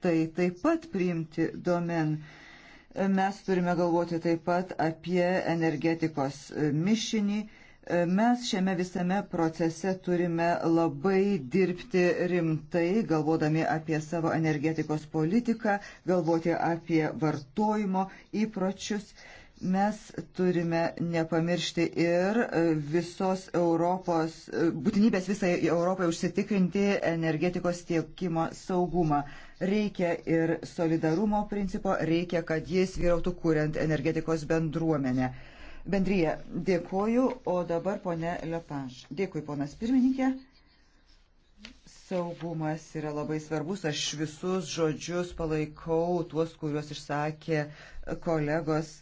tai taip pat priimti domen. E, mes turime galvoti taip pat apie energetikos mišinį. Mes šiame visame procese turime labai dirbti rimtai, galvodami apie savo energetikos politiką, galvoti apie vartojimo įpročius. Mes turime nepamiršti ir visos Europos, būtinybės visai Europai užsitikrinti energetikos tiekimo saugumą. Reikia ir solidarumo principo, reikia, kad jis vyrautų kuriant energetikos bendruomenę. Bendryje, dėkoju, o dabar ponė Lepanš. Dėkui, ponas pirmininkė. Saugumas yra labai svarbus. Aš visus žodžius palaikau, tuos, kuriuos išsakė kolegos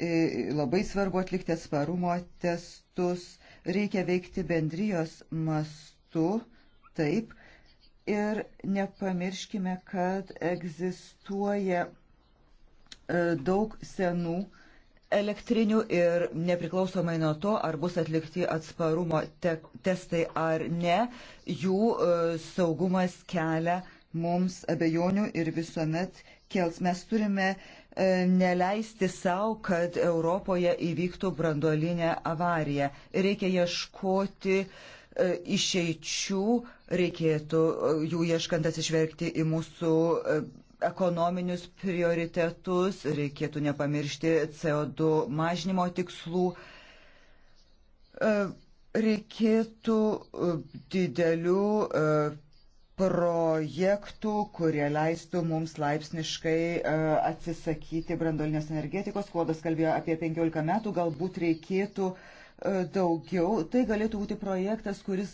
labai svarbu atlikti atsparumo testus, reikia veikti bendrijos mastu, taip, ir nepamirškime, kad egzistuoja e, daug senų elektrinių ir nepriklausomai nuo to, ar bus atlikti atsparumo te testai ar ne, jų e, saugumas kelia mums abejonių ir visuomet kels. Mes turime uh, E, neleisti savo, kad Europoje įvyktų branduolinė avarija. Reikia ieškoti e, išeičių, reikėtų e, jų ieškant atsižvelgti į mūsų ekonominius prioritetus, reikėtų nepamiršti CO2 mažinimo tikslų, reikėtų didelių projektų, kurie leistų mums laipsniškai e, atsisakyti brandolinės energetikos. Klodas kalbėjo apie 15 metų, galbūt reikėtų e, daugiau. Tai galėtų būti projektas, kuris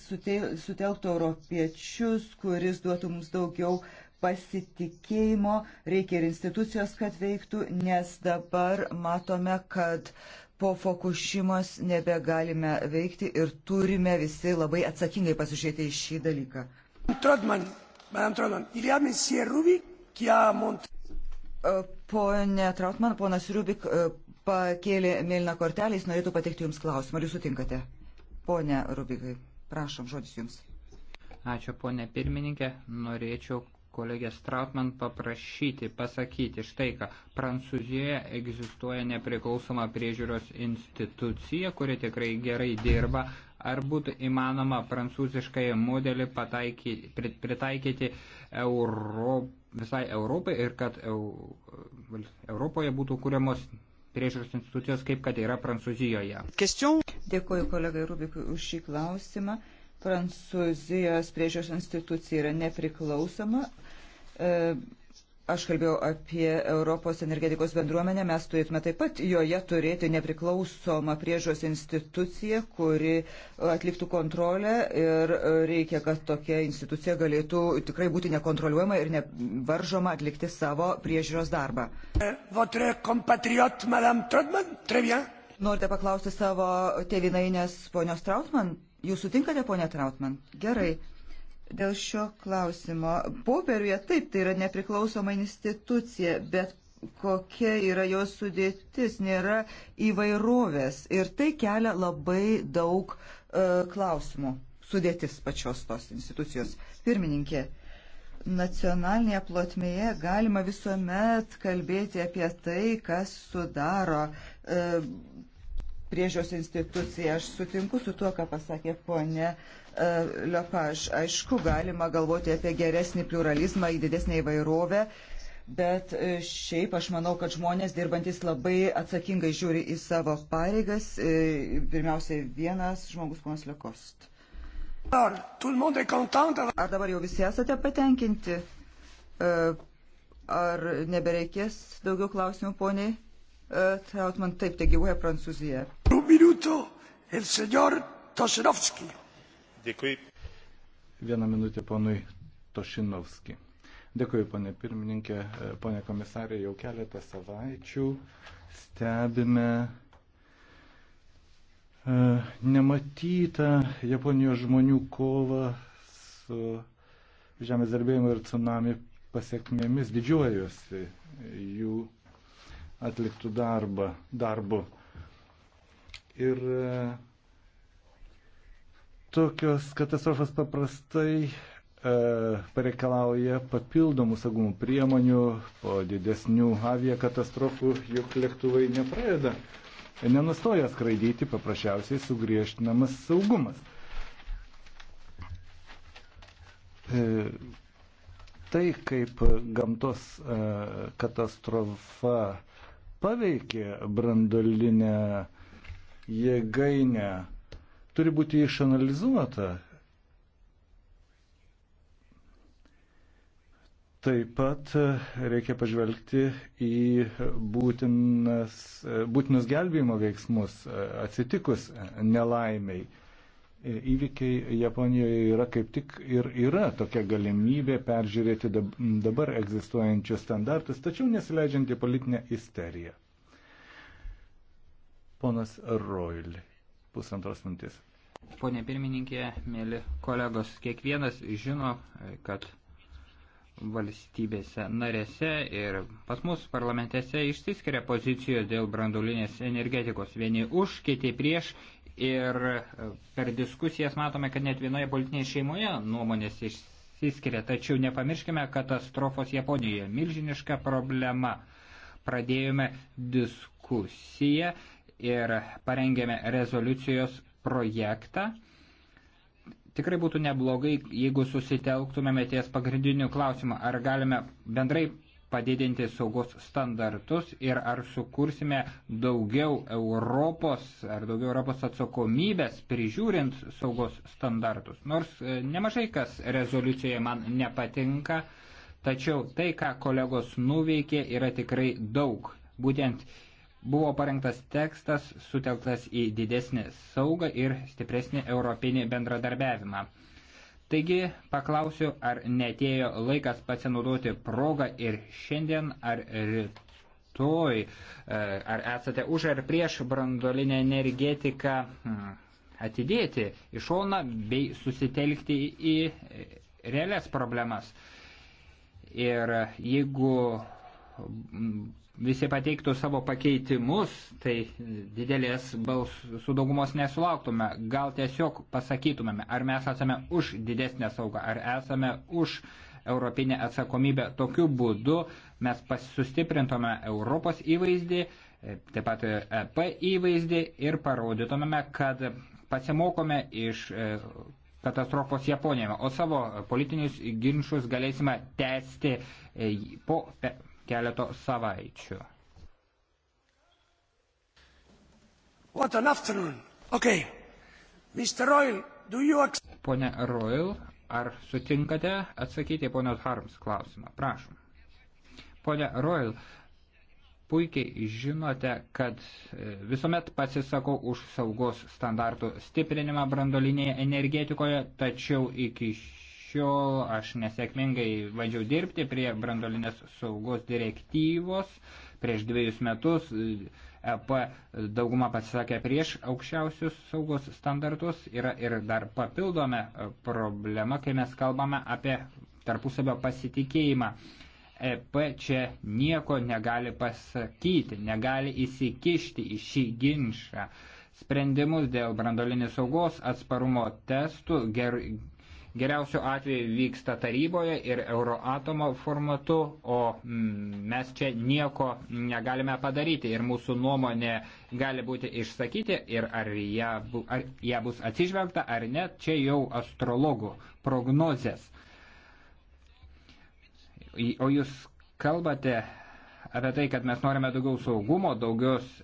sutelktų europiečius, kuris duotų mums daugiau pasitikėjimo, reikia ir institucijos, kad veiktų, nes dabar matome, kad po Fukushimos nebegalime veikti ir turime visi labai atsakingai pasižiūrėti į šį dalyką. E, pone Trautman, ponas Rubik e, pakėlė mėlyną kortelę, jis norėtų pateikti Jums klausimą. Ar Jūs sutinkate? Pone Rubikai, prašom, žodis Jums. Ačiū, ponė pirmininkė. Norėčiau kolegės Trautman paprašyti, pasakyti štai ką. Prancūzijoje egzistuoja nepriklausoma priežiūros institucija, kuri tikrai gerai dirba. Ar būtų įmanoma prancūziškai modelį pataiky, pritaikyti Euro, visai Europai ir kad Eu, Europoje būtų kuriamos priežiūros institucijos, kaip kad yra Prancūzijoje? Question. Dėkuoju kolegai Rubikui už šį klausimą. Prancūzijos priežiūros institucija yra nepriklausoma, E, aš kalbėjau apie Europos energetikos bendruomenę, mes turėtume taip pat joje turėti nepriklausomą priežos instituciją, kuri atliktų kontrolę ir reikia, kad tokia institucija galėtų tikrai būti nekontroliuojama ir nevaržoma atlikti savo priežiūros darbą. Norite paklausti savo tėvinainės ponios Trautman? Jūs sutinkate, ponė Trautman? Gerai. Mm dėl šio klausimo. Popieriuje taip, tai yra nepriklausoma institucija, bet kokia yra jos sudėtis, nėra įvairovės ir tai kelia labai daug e, klausimų. Sudėtis pačios tos institucijos. Pirmininkė, nacionalinėje plotmėje galima visuomet kalbėti apie tai, kas sudaro e, priežios instituciją. Aš sutinku su tuo, ką pasakė ponė. E, E, Lepaž. Aišku, galima galvoti apie geresnį pluralizmą, į didesnį įvairovę, bet e, šiaip aš manau, kad žmonės dirbantis labai atsakingai žiūri į savo pareigas. E, Pirmiausiai vienas žmogus, ponas Lekost. Ar dabar jau visi esate patenkinti? Ar nebereikės daugiau klausimų, poniai? Trautman, taip, te gyvoja Prancūzija. Un minuto, el señor Tosinovski. Dėkui. Vieną minutę ponui Tošinovski. Dėkui, ponė pirmininkė, ponė komisarė, jau keletą savaičių stebime e, nematytą Japonijos žmonių kovą su žemės darbėjimu ir tsunami pasiekmėmis. Didžiuojuosi jų atliktų darbą, darbu. Ir e, Tokios katastrofos paprastai e, pareikalauja papildomų saugumo priemonių, po didesnių aviakatastrofų juk lėktuvai nepradeda, nenustoja skraidyti, paprasčiausiai sugriežtinamas saugumas. E, tai, kaip gamtos e, katastrofa paveikė brandolinę jėgainę, turi būti išanalizuota. Taip pat e, reikia pažvelgti į būtinas, e, būtinus gelbėjimo veiksmus e, atsitikus nelaimiai. Įvykiai Japonijoje yra kaip tik ir yra tokia galimybė peržiūrėti dabar egzistuojančius standartus, tačiau nesileidžiant į politinę isteriją. Ponas Roil, pusantros mintis. Pone pirmininkė, mėly kolegos, kiekvienas žino, kad valstybėse narėse ir pas mus parlamentėse išsiskiria pozicijos dėl brandulinės energetikos. Vieni už, kiti prieš ir per diskusijas matome, kad net vienoje politinėje šeimoje nuomonės išsiskiria. Tačiau nepamirškime katastrofos Japonijoje. Milžiniška problema. Pradėjome diskusiją ir parengėme rezoliucijos projektą. Tikrai būtų neblogai, jeigu susitelktumėme ties pagrindiniu klausimu, ar galime bendrai padidinti saugos standartus ir ar sukursime daugiau Europos ar daugiau Europos atsakomybės prižiūrint saugos standartus. Nors e, nemažai kas rezoliucijoje man nepatinka, tačiau tai, ką kolegos nuveikė, yra tikrai daug. Būtent buvo parengtas tekstas sutelktas į didesnį saugą ir stipresnį europinį bendradarbiavimą. Taigi paklausiu, ar netėjo laikas pasinaudoti progą ir šiandien ar rytoj, e, ar esate už ar prieš brandolinę energetiką hmm, atidėti į šoną bei susitelkti į realias problemas. Ir jeigu visi pateiktų savo pakeitimus, tai didelės balsų daugumos nesulauktume. Gal tiesiog pasakytumėme, ar mes esame už didesnę saugą, ar esame už europinę atsakomybę. Tokiu būdu mes sustiprintume Europos įvaizdį, taip pat EP įvaizdį ir parodytumėme, kad pasimokome iš e, katastrofos Japonijoje, o savo politinius ginčius galėsime tęsti e, po keleto savaičių. What an afternoon. Okay. Mr. Royal, do you accept... Pone Royal, ar sutinkate atsakyti ponios Harms klausimą? Prašom. Pone Royal, puikiai žinote, kad e, visuomet pasisakau už saugos standartų stiprinimą brandolinėje energetikoje, tačiau iki šio aš nesėkmingai važiavau dirbti prie brandolinės saugos direktyvos. Prieš dviejus metus EP e dauguma pasisakė prieš aukščiausius saugos standartus. Yra ir dar papildome e, problema, kai mes kalbame apie tarpusavio pasitikėjimą. EP čia nieko negali pasakyti, negali įsikišti į šį ginčą. Sprendimus dėl brandolinės saugos atsparumo testų ger, geriausiu atveju vyksta taryboje ir Euroatomo formatu, o mm, mes čia nieko negalime padaryti ir mūsų nuomonė gali būti išsakyti ir ar ją, ar ją bus atsižvelgta ar ne, čia jau astrologų prognozės. O jūs kalbate apie tai, kad mes norime daugiau saugumo,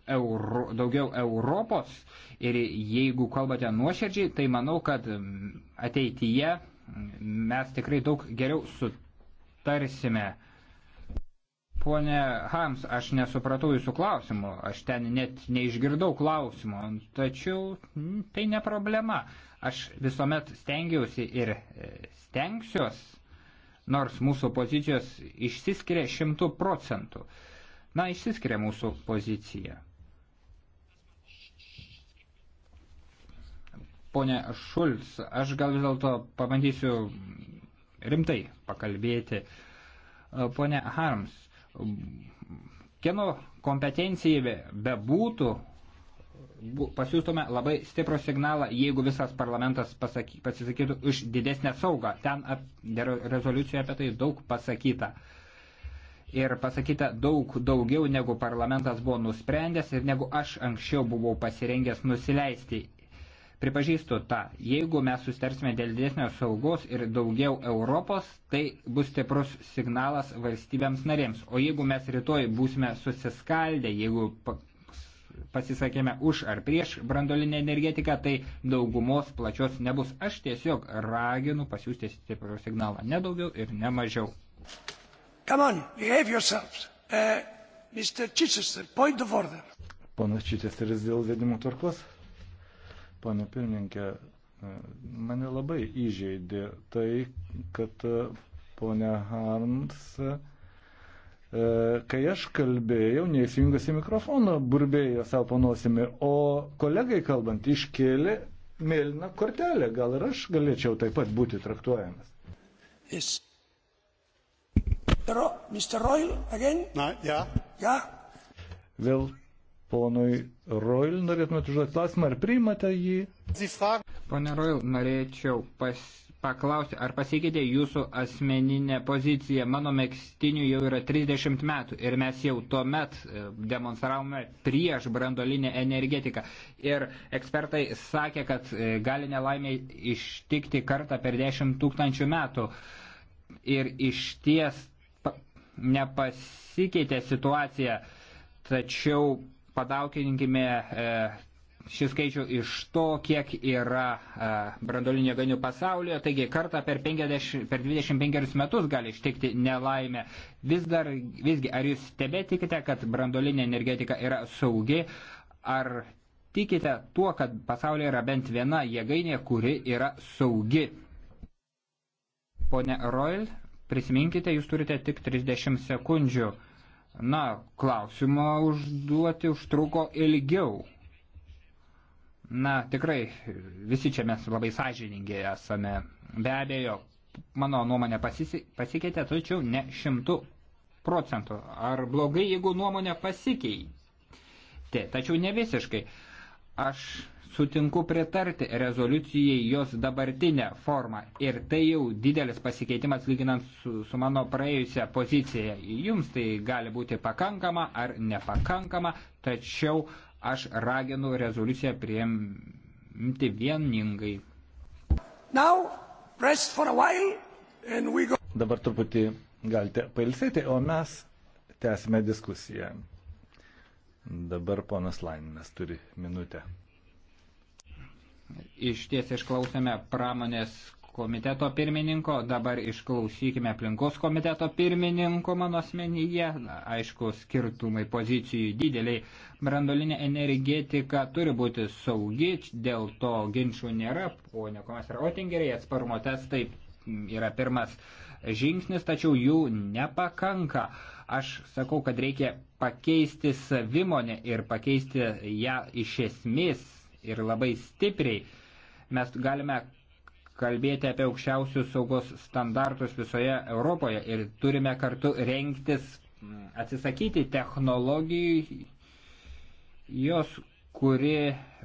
euro, daugiau Europos ir jeigu kalbate nuoširdžiai, tai manau, kad ateityje mes tikrai daug geriau sutarsime. Pone Hams, aš nesupratau jūsų klausimų, aš ten net neišgirdau klausimų, tačiau tai ne problema. Aš visuomet stengiausi ir e, stengsiuosi nors mūsų pozicijos išsiskiria šimtų procentų. Na, išsiskiria mūsų pozicija. Pone Šulc, aš gal vis dėlto pabandysiu rimtai pakalbėti. Pone Harms, kieno kompetencija bebūtų be pasiūstume labai stiprų signalą, jeigu visas parlamentas pasaky, pasisakytų už didesnę saugą. Ten ap, rezoliucijoje apie tai daug pasakyta. Ir pasakyta daug daugiau, negu parlamentas buvo nusprendęs ir negu aš anksčiau buvau pasirengęs nusileisti. Pripažįstu tą, jeigu mes sustarsime dėl didesnio saugos ir daugiau Europos, tai bus stiprus signalas valstybėms narėms. O jeigu mes rytoj būsime susiskaldę, jeigu pasisakėme už ar prieš brandolinę energetiką, tai daugumos plačios nebus. Aš tiesiog raginu pasiūsti stiprų signalą, ne daugiau ir ne mažiau. Come on, behave yourselves. Uh, Mr. Chichester, point of order. Ponas Čičesteris dėl vedimų tvarkos. Pane pirmininkė, e, mane labai įžeidė tai, kad e, ponia Harms uh, E, kai aš kalbėjau, neįsijungusi mikrofoną, burbėjo savo panosimi, o kolegai kalbant iškėlė mėlyną kortelę. Gal ir aš galėčiau taip pat būti traktuojamas? Yes. Mr. Royal, again? Na, ja. Ja. Vėl ponui Royal norėtumėte užduoti klausimą, ar priimate jį? Pone Royal, norėčiau pas paklausti, ar pasikeitė jūsų asmeninė pozicija. Mano mėgstinių jau yra 30 metų ir mes jau tuo met e, demonstravome prieš brandolinę energetiką. Ir ekspertai sakė, kad e, gali nelaimė ištikti kartą per 10 tūkstančių metų. Ir iš ties nepasikeitė situacija, tačiau padaukinkime e, šį skaičių iš to, kiek yra e, brandolinio jėgainių pasaulyje, taigi kartą per, 50, per 25 metus gali ištikti nelaimę. Vis dar, visgi, ar jūs tebetikite, kad brandolinė energetika yra saugi, ar tikite tuo, kad pasaulyje yra bent viena jėgainė, kuri yra saugi? Pone Royal, prisiminkite, jūs turite tik 30 sekundžių. Na, klausimą užduoti užtruko ilgiau. Na, tikrai, visi čia mes labai sąžiningi esame. Be abejo, mano nuomonė pasisi, pasikeitė, tačiau ne šimtų procentų. Ar blogai, jeigu nuomonė pasikeitė? Tačiau ne visiškai. Aš sutinku pritarti rezoliucijai jos dabartinę formą ir tai jau didelis pasikeitimas lyginant su, su mano praėjusią poziciją. Jums tai gali būti pakankama ar nepakankama, tačiau Aš raginu rezoliuciją priimti vieningai. Now, go... Dabar truputį galite pailsėti, o mes tęsime diskusiją. Dabar ponas Laininas turi minutę. Iš ties išklausėme pramonės komiteto pirmininko, dabar išklausykime aplinkos komiteto pirmininko mano asmenyje. Aišku, skirtumai pozicijų dideliai. Brandolinė energetika turi būti saugi, dėl to ginčių nėra, o ne komisar Otingeriai atsparumo testai yra pirmas žingsnis, tačiau jų nepakanka. Aš sakau, kad reikia pakeisti savimonę ir pakeisti ją iš esmės ir labai stipriai. Mes galime kalbėti apie aukščiausius saugos standartus visoje Europoje ir turime kartu renktis mm, atsisakyti technologijų, jos, kuri,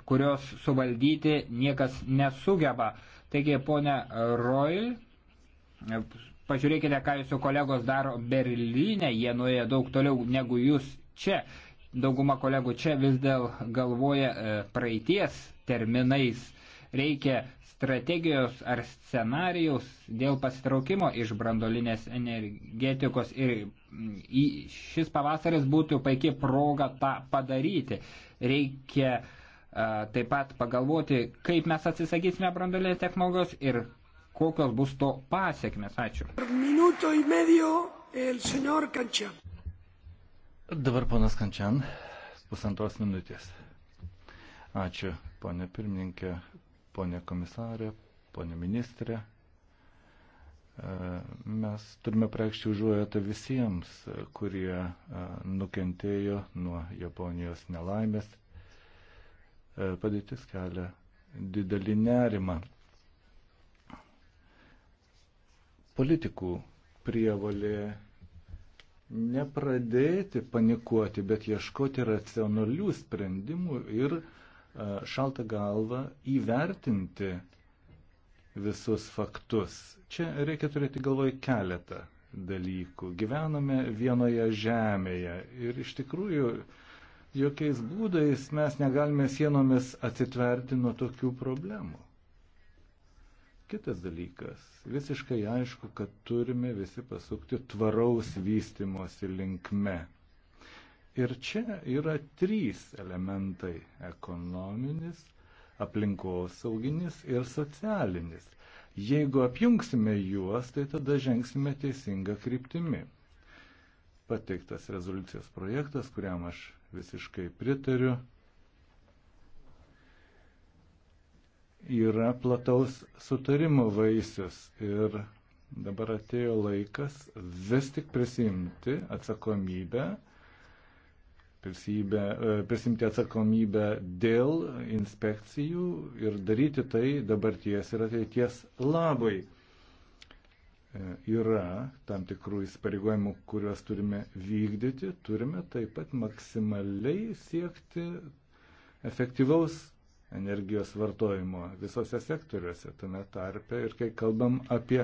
kurios suvaldyti niekas nesugeba. Taigi, ponia Roil, pažiūrėkite, ką jūsų kolegos daro Berlyne, jie nuėjo daug toliau negu jūs čia. Dauguma kolegų čia vis dėl galvoja e, praeities terminais. Reikia strategijos ar scenarijaus dėl pasitraukimo iš brandolinės energetikos ir mm, šis pavasaris būtų puikiai proga tą padaryti. Reikia taip pat pagalvoti, kaip mes atsisakysime brandolinės technologijos ir kokios bus to pasiekmes. Ačiū. Medio, Dabar ponas Kančian, pusantros minutės. Ačiū, ponė pirmininkė ponė komisarė, ponė ministrė. E, mes turime praeikščių užuojotą visiems, kurie e, nukentėjo nuo Japonijos nelaimės. E, padėtis kelia didelį nerimą. Politikų prievalė nepradėti panikuoti, bet ieškoti racionalių sprendimų ir uh, E, šaltą galvą įvertinti visus faktus. Čia reikia turėti galvoje keletą dalykų. Gyvename vienoje žemėje ir iš tikrųjų jokiais būdais mes negalime sienomis atsitverti nuo tokių problemų. Kitas dalykas. Visiškai aišku, kad turime visi pasukti tvaraus vystimosi linkme. Ir čia yra trys elementai - ekonominis, aplinkosauginis ir socialinis. Jeigu apjungsime juos, tai tada žengsime teisinga kryptimi. Pateiktas rezoliucijos projektas, kuriam aš visiškai pritariu, yra plataus sutarimo vaisius ir dabar atėjo laikas vis tik prisimti atsakomybę E, prisimti atsakomybę dėl inspekcijų ir daryti tai dabarties ir ateities labai. E, yra tam tikrų įsipareigojimų, kuriuos turime vykdyti, turime taip pat maksimaliai siekti efektyvaus energijos vartojimo visose sektoriuose, tame tarpe ir kai kalbam apie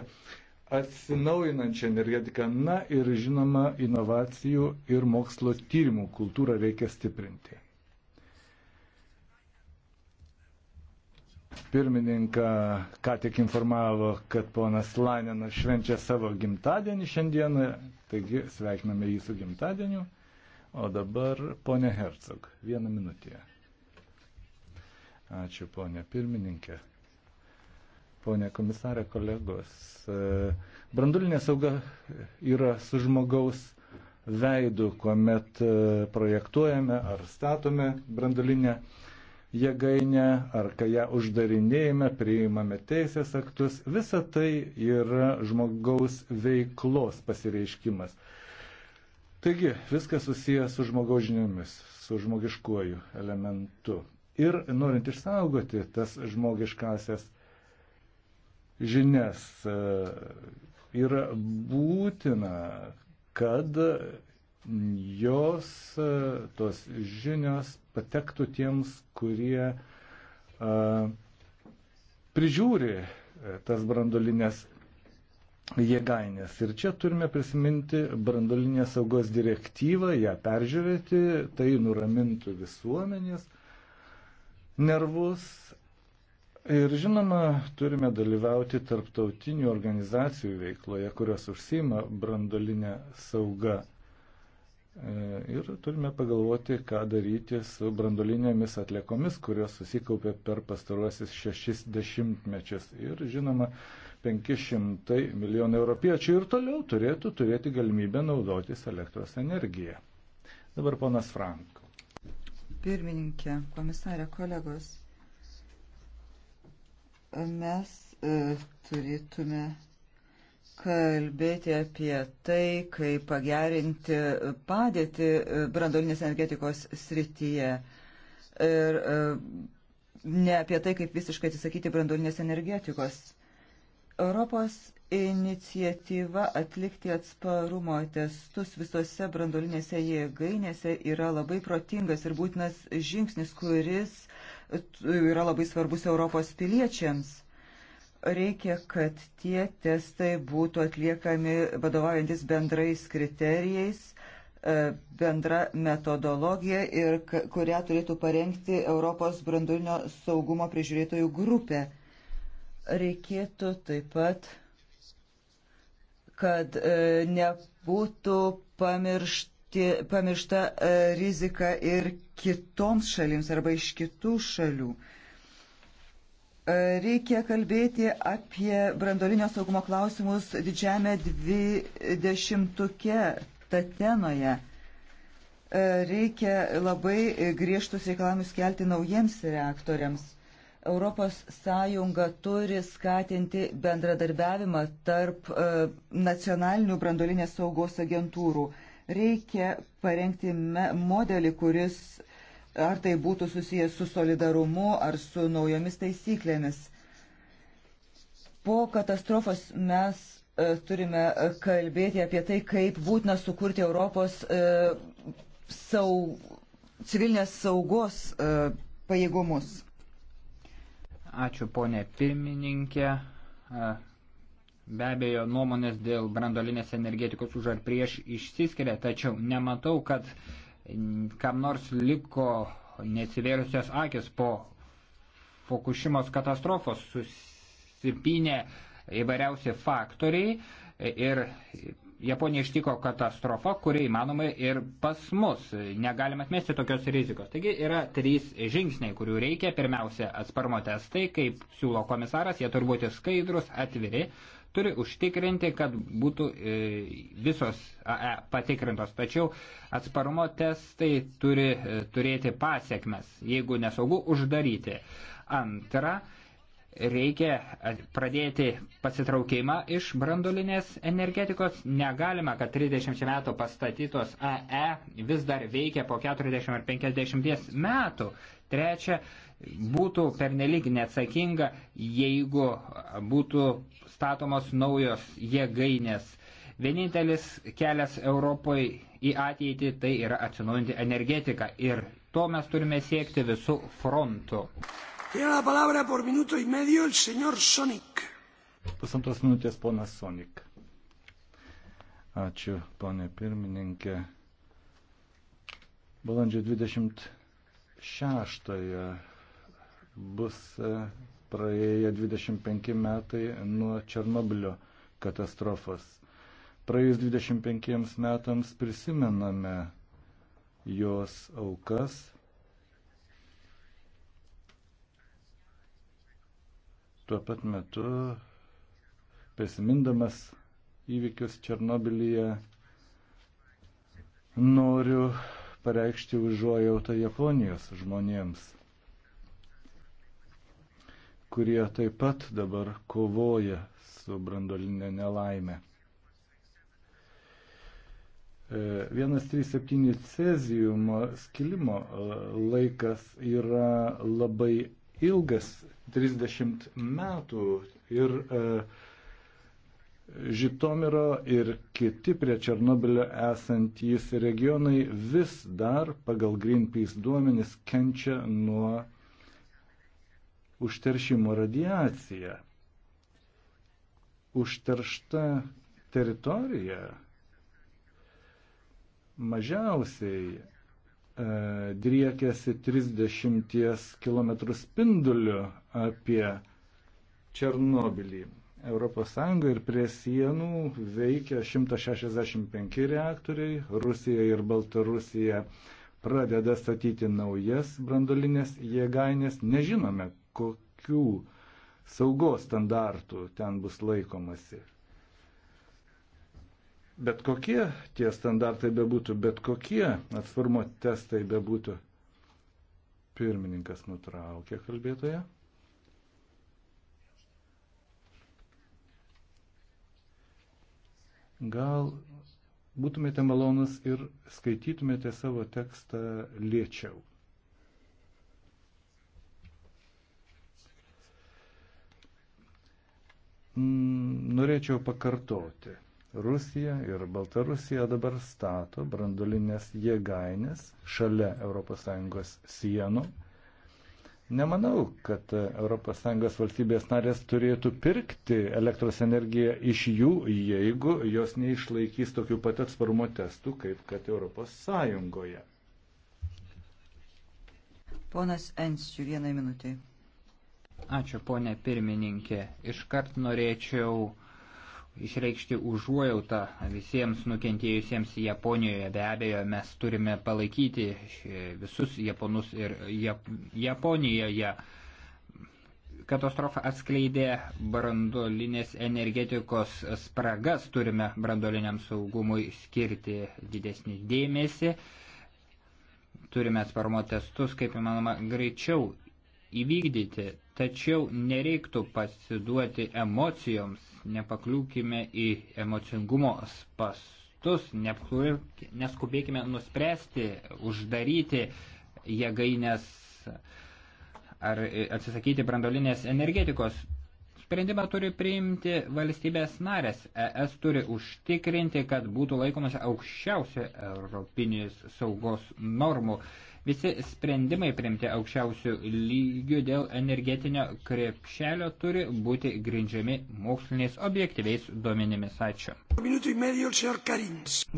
atsinaujinančią energetiką, na ir žinoma, inovacijų ir mokslo tyrimų kultūrą reikia stiprinti. Pirmininką ką tik informavo, kad ponas Laninas švenčia savo gimtadienį šiandieną, taigi sveikiname jį su gimtadieniu. O dabar ponė Hercog, vieną minutę. Ačiū ponė pirmininkė ponė komisarė, kolegos. E, Brandulinė sauga yra su žmogaus veidų, kuomet e, projektuojame ar statome brandulinę jėgainę, ar kai ją uždarinėjame, priimame teisės aktus. Visa tai yra žmogaus veiklos pasireiškimas. Taigi, viskas susijęs su žmogaus žiniomis, su žmogiškuoju elementu. Ir norint išsaugoti tas žmogiškasias žinias. Yra būtina, kad jos, tos žinios patektų tiems, kurie a, prižiūri tas brandolinės jėgainės. Ir čia turime prisiminti brandolinės saugos direktyvą, ją peržiūrėti, tai nuramintų visuomenės nervus Ir žinoma, turime dalyvauti tarptautinių organizacijų veikloje, kurios užsima brandolinę saugą. E, ir turime pagalvoti, ką daryti su brandolinėmis atliekomis, kurios susikaupė per pastaruosius šešis dešimtmečius. Ir žinoma, 500 milijonų europiečių ir toliau turėtų turėti galimybę naudotis elektros energiją. Dabar ponas Frank. Pirmininkė, komisarė, kolegos Mes e, turėtume kalbėti apie tai, kaip pagerinti padėtį e, brandolinės energetikos srityje. Ir e, ne apie tai, kaip visiškai atsisakyti brandolinės energetikos. Europos iniciatyva atlikti atsparumo testus visose brandolinėse jėgainėse yra labai protingas ir būtinas žingsnis, kuris yra labai svarbus Europos piliečiams. Reikia, kad tie testai būtų atliekami vadovaujantis bendrais kriterijais, e, bendra metodologija ir kurią turėtų parengti Europos brandulinio saugumo prižiūrėtojų grupė. Reikėtų taip pat, kad e, nebūtų pamiršta pamiršti, pamiršta e, rizika ir kitoms šalims arba iš kitų šalių. E, reikia kalbėti apie brandolinio saugumo klausimus didžiame dvidešimtuke Tatenoje. E, reikia labai griežtus reikalavimus kelti naujiems reaktoriams. ES turi skatinti bendradarbiavimą tarp nacionalinių brandolinės saugos agentūrų. Reikia parengti modelį, kuris ar tai būtų susijęs su solidarumu ar su naujomis taisyklėmis. Po katastrofos mes e, turime e, kalbėti apie tai, kaip būtina sukurti Europos e, sau, civilinės saugos pajėgumus. Ačiū ponė pirmininkė. Be abejo, nuomonės dėl brandolinės energetikos už ar prieš išsiskiria, tačiau nematau, kad kam nors liko nesivėrusios akis po Fukushimos katastrofos susipinė įvairiausi faktoriai ir Japonija ištiko katastrofa, kuri įmanoma ir pas mus. Negalime atmesti tokios rizikos. Taigi yra trys žingsniai, kurių reikia. Pirmiausia, atsparmo testai, kaip siūlo komisaras, jie turi būti skaidrus, atviri turi užtikrinti, kad būtų e, visos AE patikrintos. Tačiau atsparumo testai turi e, turėti pasiekmes, jeigu nesaugu uždaryti. Antra, reikia e, pradėti pasitraukimą iš brandolinės energetikos. Negalima, kad 30 metų pastatytos AE vis dar veikia po 40 ar 50 metų. Trečia, būtų pernelyg neatsakinga, jeigu būtų statomos naujos jėgainės. Vienintelis kelias Europoje į ateitį tai yra atsinaujinti energetiką ir to mes turime siekti visų frontų. Pusantros minutės ponas Sonik. Ačiū, ponė pirmininkė. Balandžio 26 bus e, praėję 25 metai nuo Černobilio katastrofos. Praėjus 25 metams prisimename jos aukas. Tuo pat metu, prisimindamas įvykius Černobilyje, noriu pareikšti užuojautą Japonijos žmonėms kurie taip pat dabar kovoja su brandolinė nelaimė. 137 e, cezijumo skilimo e, laikas yra labai ilgas, 30 metų ir e, Žitomiro ir kiti prie Černobilio esantys regionai vis dar pagal Greenpeace duomenis kenčia nuo užteršimo radiacija. Užteršta teritorija mažiausiai e, driekiasi 30 km spinduliu apie Černobilį. ES ir prie sienų veikia 165 reaktoriai, Rusija ir Baltarusija pradeda statyti naujas brandolinės jėgainės. Nežinome, kokių saugos standartų ten bus laikomasi. Bet kokie tie standartai bebūtų, bet kokie atsvarumo testai bebūtų. Pirmininkas nutraukė kalbėtoje. Gal būtumėte malonus ir skaitytumėte savo tekstą lėčiau. Mm, norėčiau pakartoti. Rusija ir Baltarusija dabar stato brandolinės jėgainės šalia ES sienų. Nemanau, kad ES valstybės narės turėtų pirkti elektros energiją iš jų, jeigu jos neišlaikys tokių pat atsparumo testų, kaip kad ES. Ponas Ensiu, vienai minutiai. Ačiū, ponė pirmininkė. Iškart norėčiau išreikšti užuojautą visiems nukentėjusiems Japonijoje. Be abejo, mes turime palaikyti visus Japonus ir Jap Japonijoje. Katastrofa atskleidė brandolinės energetikos spragas, turime brandoliniam saugumui skirti didesnį dėmesį, turime atsparumo testus, kaip įmanoma, greičiau įvykdyti Tačiau nereiktų pasiduoti emocijoms, nepakliūkime į emocingumo spastus, neskubėkime nuspręsti, uždaryti jėgainės ar atsisakyti brandolinės energetikos. Sprendimą turi priimti valstybės narės. ES turi užtikrinti, kad būtų laikomasi aukščiausio europinės saugos normų. Visi sprendimai priimti aukščiausių lygių dėl energetinio krepšelio turi būti grindžiami moksliniais objektyviais duomenimis. Ačiū.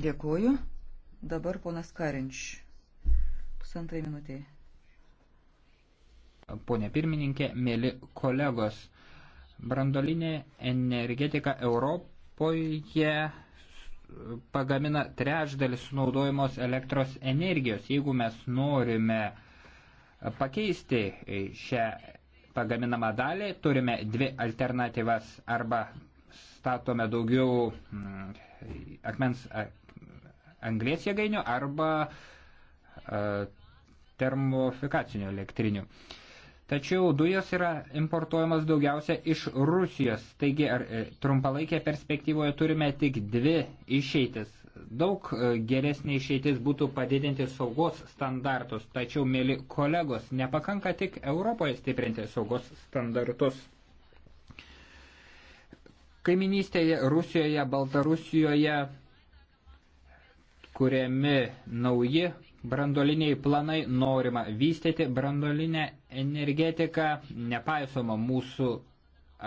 Dėkuoju. Dabar ponas Karinč. Pusantrai minutiai. Pone pirmininkė, mėly kolegos, brandolinė energetika Europoje pagamina trečdalį sunaudojamos elektros energijos. Jeigu mes norime pakeisti šią pagaminamą dalį, turime dvi alternatyvas arba statome daugiau mm, akmens anglės jėgainių arba termofikacinių elektrinių. Tačiau dujos yra importuojamas daugiausia iš Rusijos. Taigi ar e, trumpalaikėje perspektyvoje turime tik dvi išeitis. Daug e, geresnė išeitis būtų padidinti saugos standartus. Tačiau, mėly kolegos, nepakanka tik Europoje stiprinti saugos standartus. Kaiminystėje Rusijoje, Baltarusijoje kuriami nauji brandoliniai planai, norima vystyti brandolinę energetiką, nepaisoma mūsų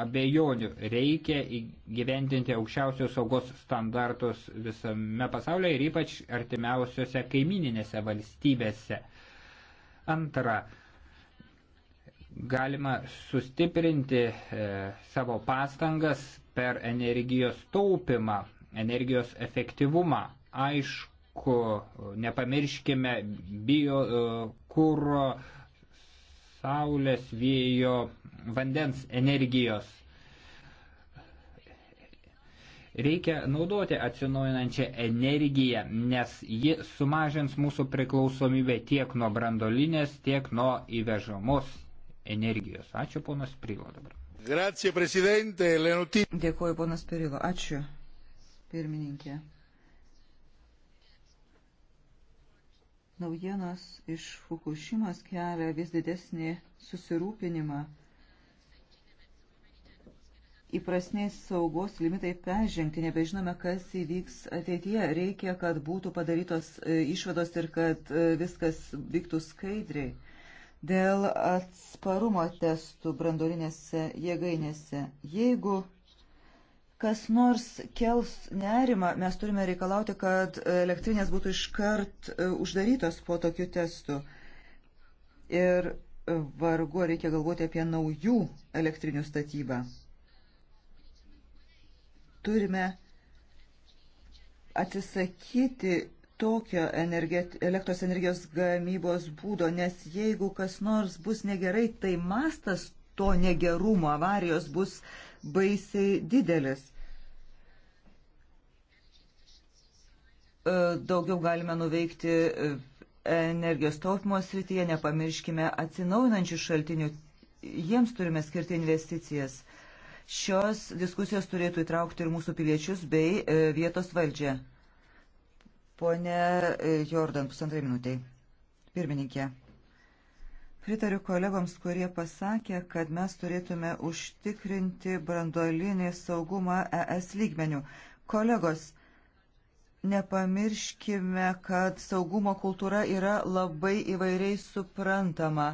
abejonių, reikia įgyvendinti aukščiausios saugos standartus visame pasaulyje ir ypač artimiausiose kaimininėse valstybėse. Antra, galima sustiprinti e, savo pastangas per energijos taupimą, energijos efektyvumą. Aišku, nepamirškime bio e, kūro, saulės, vėjo, vandens energijos. Reikia naudoti atsinaujinančią energiją, nes ji sumažins mūsų priklausomybę tiek nuo brandolinės, tiek nuo įvežamos energijos. Ačiū, ponas Prilo dabar. Grazie, prezidente. Dėkuoju, ponas Prilo. Ačiū, pirmininkė. Naujienos iš Fukushimos kelia vis didesnį susirūpinimą. Įprasniai saugos limitai peržengti, nebežinome, kas įvyks ateityje. Reikia, kad būtų padarytos e, išvados ir kad e, viskas vyktų skaidriai. Dėl atsparumo testų brandolinėse jėgainėse. Jeigu kas nors kels nerimą, mes turime reikalauti, kad elektrinės būtų iškart e, uždarytos po tokių testų. Ir e, vargu reikia galvoti apie naujų elektrinių statybą. Turime atsisakyti tokio energet, elektros energijos gamybos būdo, nes jeigu kas nors bus negerai, tai mastas to negerumo avarijos bus uh, baisiai didelis. E, daugiau galime nuveikti energijos taupimo srityje, nepamirškime atsinaujinančių šaltinių, jiems turime skirti investicijas. Šios diskusijos turėtų įtraukti ir mūsų piliečius bei e, vietos valdžią. Pone e, Jordan, pusantrai minutiai. Pirmininkė. Pritariu kolegoms, kurie pasakė, kad mes turėtume užtikrinti brandolinį saugumą ES lygmenių. Kolegos, nepamirškime, kad saugumo kultūra yra labai įvairiai suprantama.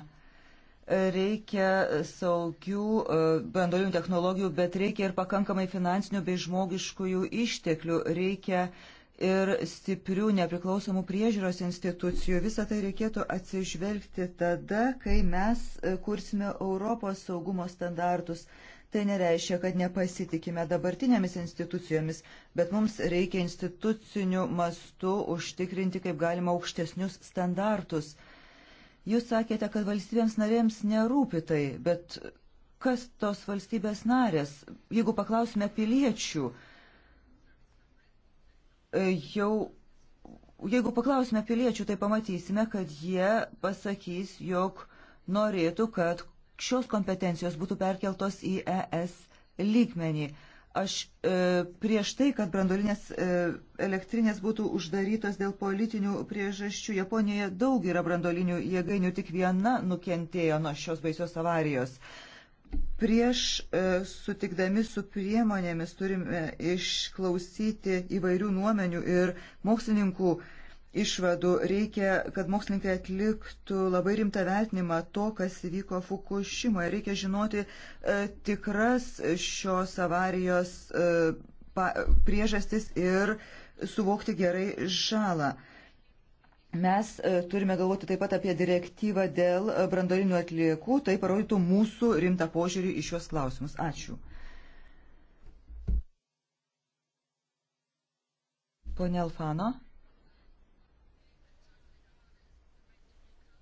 Reikia saugių e, brandolinių technologijų, bet reikia ir pakankamai finansinių bei žmogiškųjų išteklių. Reikia uh, ir stiprių nepriklausomų priežiūros institucijų. Visą tai reikėtų atsižvelgti tada, kai mes e, kursime Europos saugumo standartus. Tai nereiškia, kad nepasitikime dabartinėmis institucijomis, bet mums reikia institucinių mastų užtikrinti kaip galima aukštesnius standartus. Jūs sakėte, kad valstybėms narėms nerūpi tai, bet kas tos valstybės narės? Jeigu paklausime piliečių, jau jeigu paklausime piliečių, tai pamatysime, kad jie pasakys, jog norėtų, kad šios kompetencijos būtų perkeltos į ES lygmenį. Aš e, prieš tai, kad brandolinės e, elektrinės būtų uždarytos dėl politinių priežasčių, Japonijoje daug yra brandolinių jėgainių, tik viena nukentėjo nuo šios baisios avarijos. E, Prieš e, sutikdami su priemonėmis turime išklausyti įvairių nuomenių ir mokslininkų išvadų. Reikia, kad mokslininkai atliktų labai rimtą vertinimą to, kas įvyko Fukushimoje. Reikia žinoti e, tikras šios avarijos e, pa, priežastis ir suvokti gerai žalą. E, Mes e, turime galvoti taip pat apie direktyvą dėl e, brandolinių atliekų, tai parodytų mūsų rimtą požiūrį į šios klausimus. Ačiū. Pone Alfano.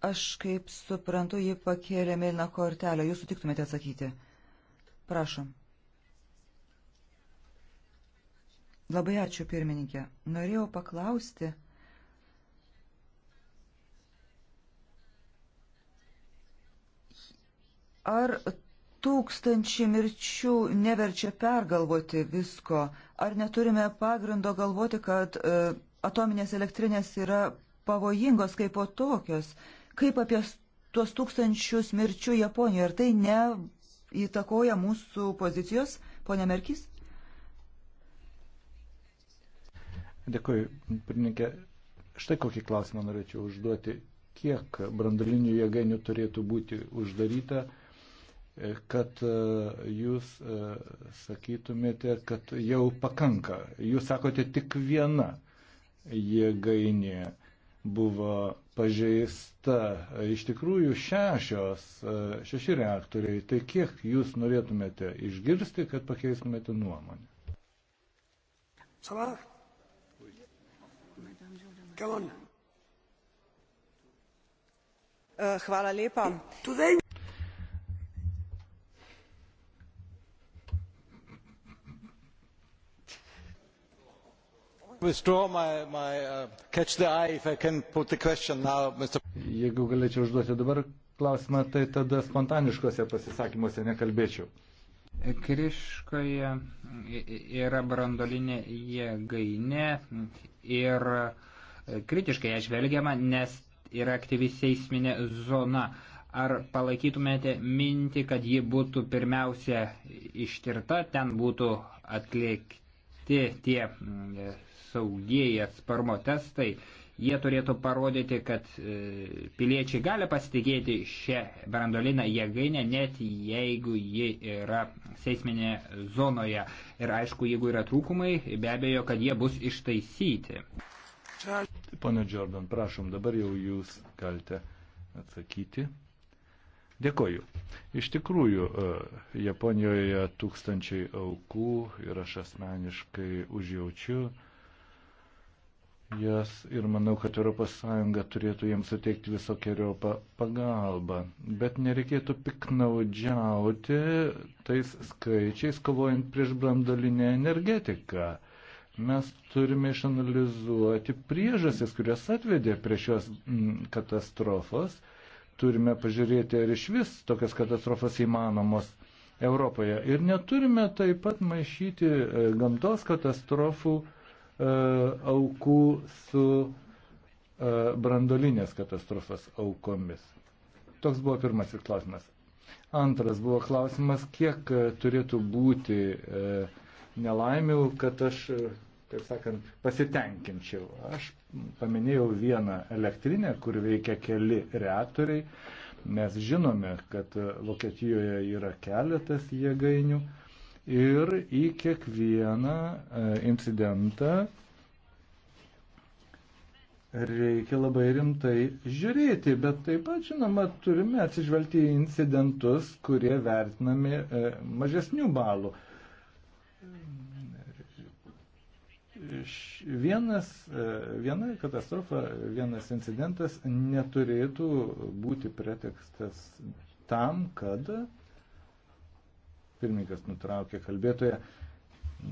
Aš kaip suprantu, ji pakėlė mėlyną kortelę. Jūs sutiktumėte atsakyti. Prašom. Labai ačiū, pirmininkė. Norėjau paklausti Ar tūkstančiai mirčių neverčia pergalvoti visko? Ar neturime pagrindo galvoti, kad e, atominės elektrinės yra pavojingos kaip po tokios? Kaip apie tuos tūkstančius mirčių Japonijoje? Ar tai ne įtakoja mūsų pozicijos, ponė Merkys? Dėkui, pirmininkė. Štai kokį klausimą norėčiau užduoti. Kiek brandalinių jėgainių turėtų būti uždaryta? kad e, jūs e, sakytumėte, kad jau pakanka. Jūs sakote, tik viena jėgainė buvo pažeista. Iš tikrųjų šešios, e, šeši reaktoriai. Tai kiek jūs norėtumėte išgirsti, kad pakeistumėte nuomonę? Salah? Come on. Uh, hvala lepa. Today... withdraw my, my uh, catch the eye if I can put the question now, Mr. Jeigu galėčiau užduoti dabar klausimą, tai tada spontaniškose pasisakymuose nekalbėčiau. Kriškoje yra brandolinė jėgainė ir kritiškai atžvelgiama, nes yra aktyvi seisminė zona. Ar palaikytumėte mintį, kad ji būtų pirmiausia ištirta, ten būtų atlikti tie saugieji atsparmo testai, jie turėtų parodyti, kad e, piliečiai gali pasitikėti šią brandolinę jėgainę, net jeigu ji yra seisminė zonoje. Ir aišku, jeigu yra trūkumai, be abejo, kad jie bus ištaisyti. Pone Jordan, prašom, dabar jau jūs galite atsakyti. Dėkoju. Iš tikrųjų, e, Japonijoje tūkstančiai aukų ir aš asmeniškai užjaučiu jas ir manau, kad ES turėtų jiems suteikti visokiojo pagalbą. Bet nereikėtų piknaudžiauti tais skaičiais, kovojant prieš brandolinę energetiką. Mes turime išanalizuoti priežasis, kurias atvedė prie šios mm, katastrofos. Turime pažiūrėti, ar iš vis tokias katastrofas įmanomos Europoje. Ir neturime taip pat maišyti e, gamtos katastrofų E, aukų su e, brandolinės katastrofos aukomis. Toks buvo pirmasis klausimas. Antras buvo klausimas, kiek e, turėtų būti nelaimių, kad aš, taip sakant, pasitenkinčiau. Aš paminėjau vieną elektrinę, kur veikia keli reaktoriai. Mes žinome, kad Vokietijoje yra keletas jėgainių ir į kiekvieną e, incidentą reikia labai rimtai žiūrėti, bet taip pat, žinoma, turime atsižvelgti į incidentus, kurie vertinami e, mažesnių balų. Vienas, e, viena katastrofa, vienas incidentas neturėtų būti pretekstas tam, kad Pirmininkas nutraukė kalbėtoje,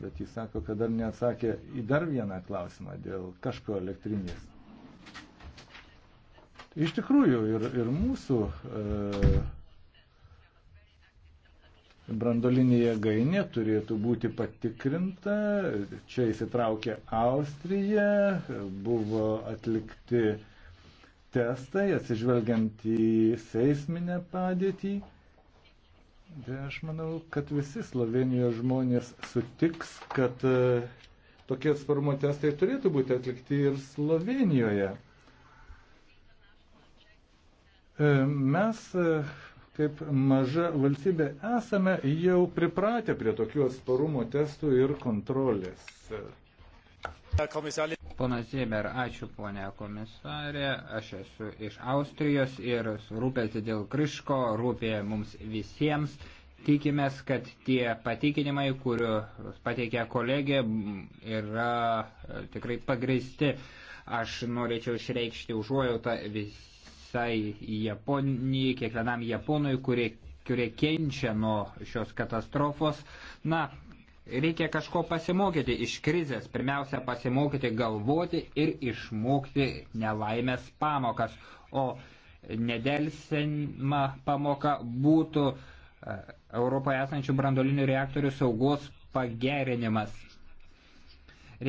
bet jis sako, kad dar neatsakė į dar vieną klausimą dėl kažko elektrinės. Iš tikrųjų, ir, ir mūsų e, brandolinė jėgainė turėtų būti patikrinta. Čia įsitraukė Austrija, buvo atlikti testai atsižvelgiant į seisminę padėtį. Tai aš manau, kad visi Slovenijos žmonės sutiks, kad e, tokie atsparumo testai turėtų būti atlikti ir Slovenijoje. E, mes, e, kaip maža valstybė, esame jau pripratę prie tokių atsparumo testų ir kontrolės. Ponas Zieber, ačiū ponė komisarė, aš esu iš Austrijos ir rūpėsi dėl Kriško, rūpė mums visiems. Tikimės, kad tie patikinimai, kuriuos pateikė kolegė, yra e, tikrai pagristi. Aš norėčiau išreikšti užuojautą visai Japonijai, kiekvienam Japonui, kurie kurie kenčia nuo šios katastrofos. Na, Reikia kažko pasimokyti iš krizės, pirmiausia pasimokyti galvoti ir išmokti nelaimės pamokas, o nedelsiama pamoka būtų e, Europoje esančių brandolinių reaktorių saugos pagerinimas.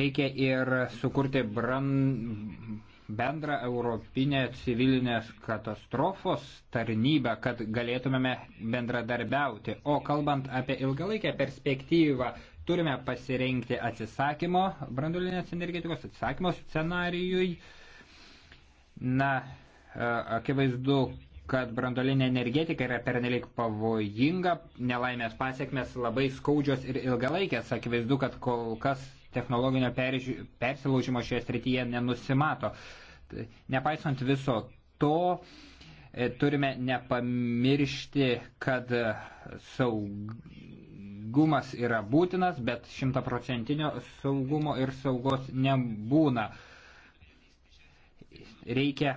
Reikia ir sukurti brand bendrą europinę civilinės katastrofos tarnybą, kad galėtumėme bendradarbiauti. O kalbant apie ilgalaikę perspektyvą, turime pasirinkti atsisakymo brandulinės energetikos atsisakymo scenarijui. Na, akivaizdu, kad brandolinė energetika yra pernelyg pavojinga, nelaimės pasiekmes labai skaudžios ir ilgalaikės. Akivaizdu, kad kol kas technologinio persilaužimo šioje srityje nenusimato. Nepaisant viso to, e, turime nepamiršti, kad saugumas yra būtinas, bet šimtaprocentinio saugumo ir saugos nebūna. Reikia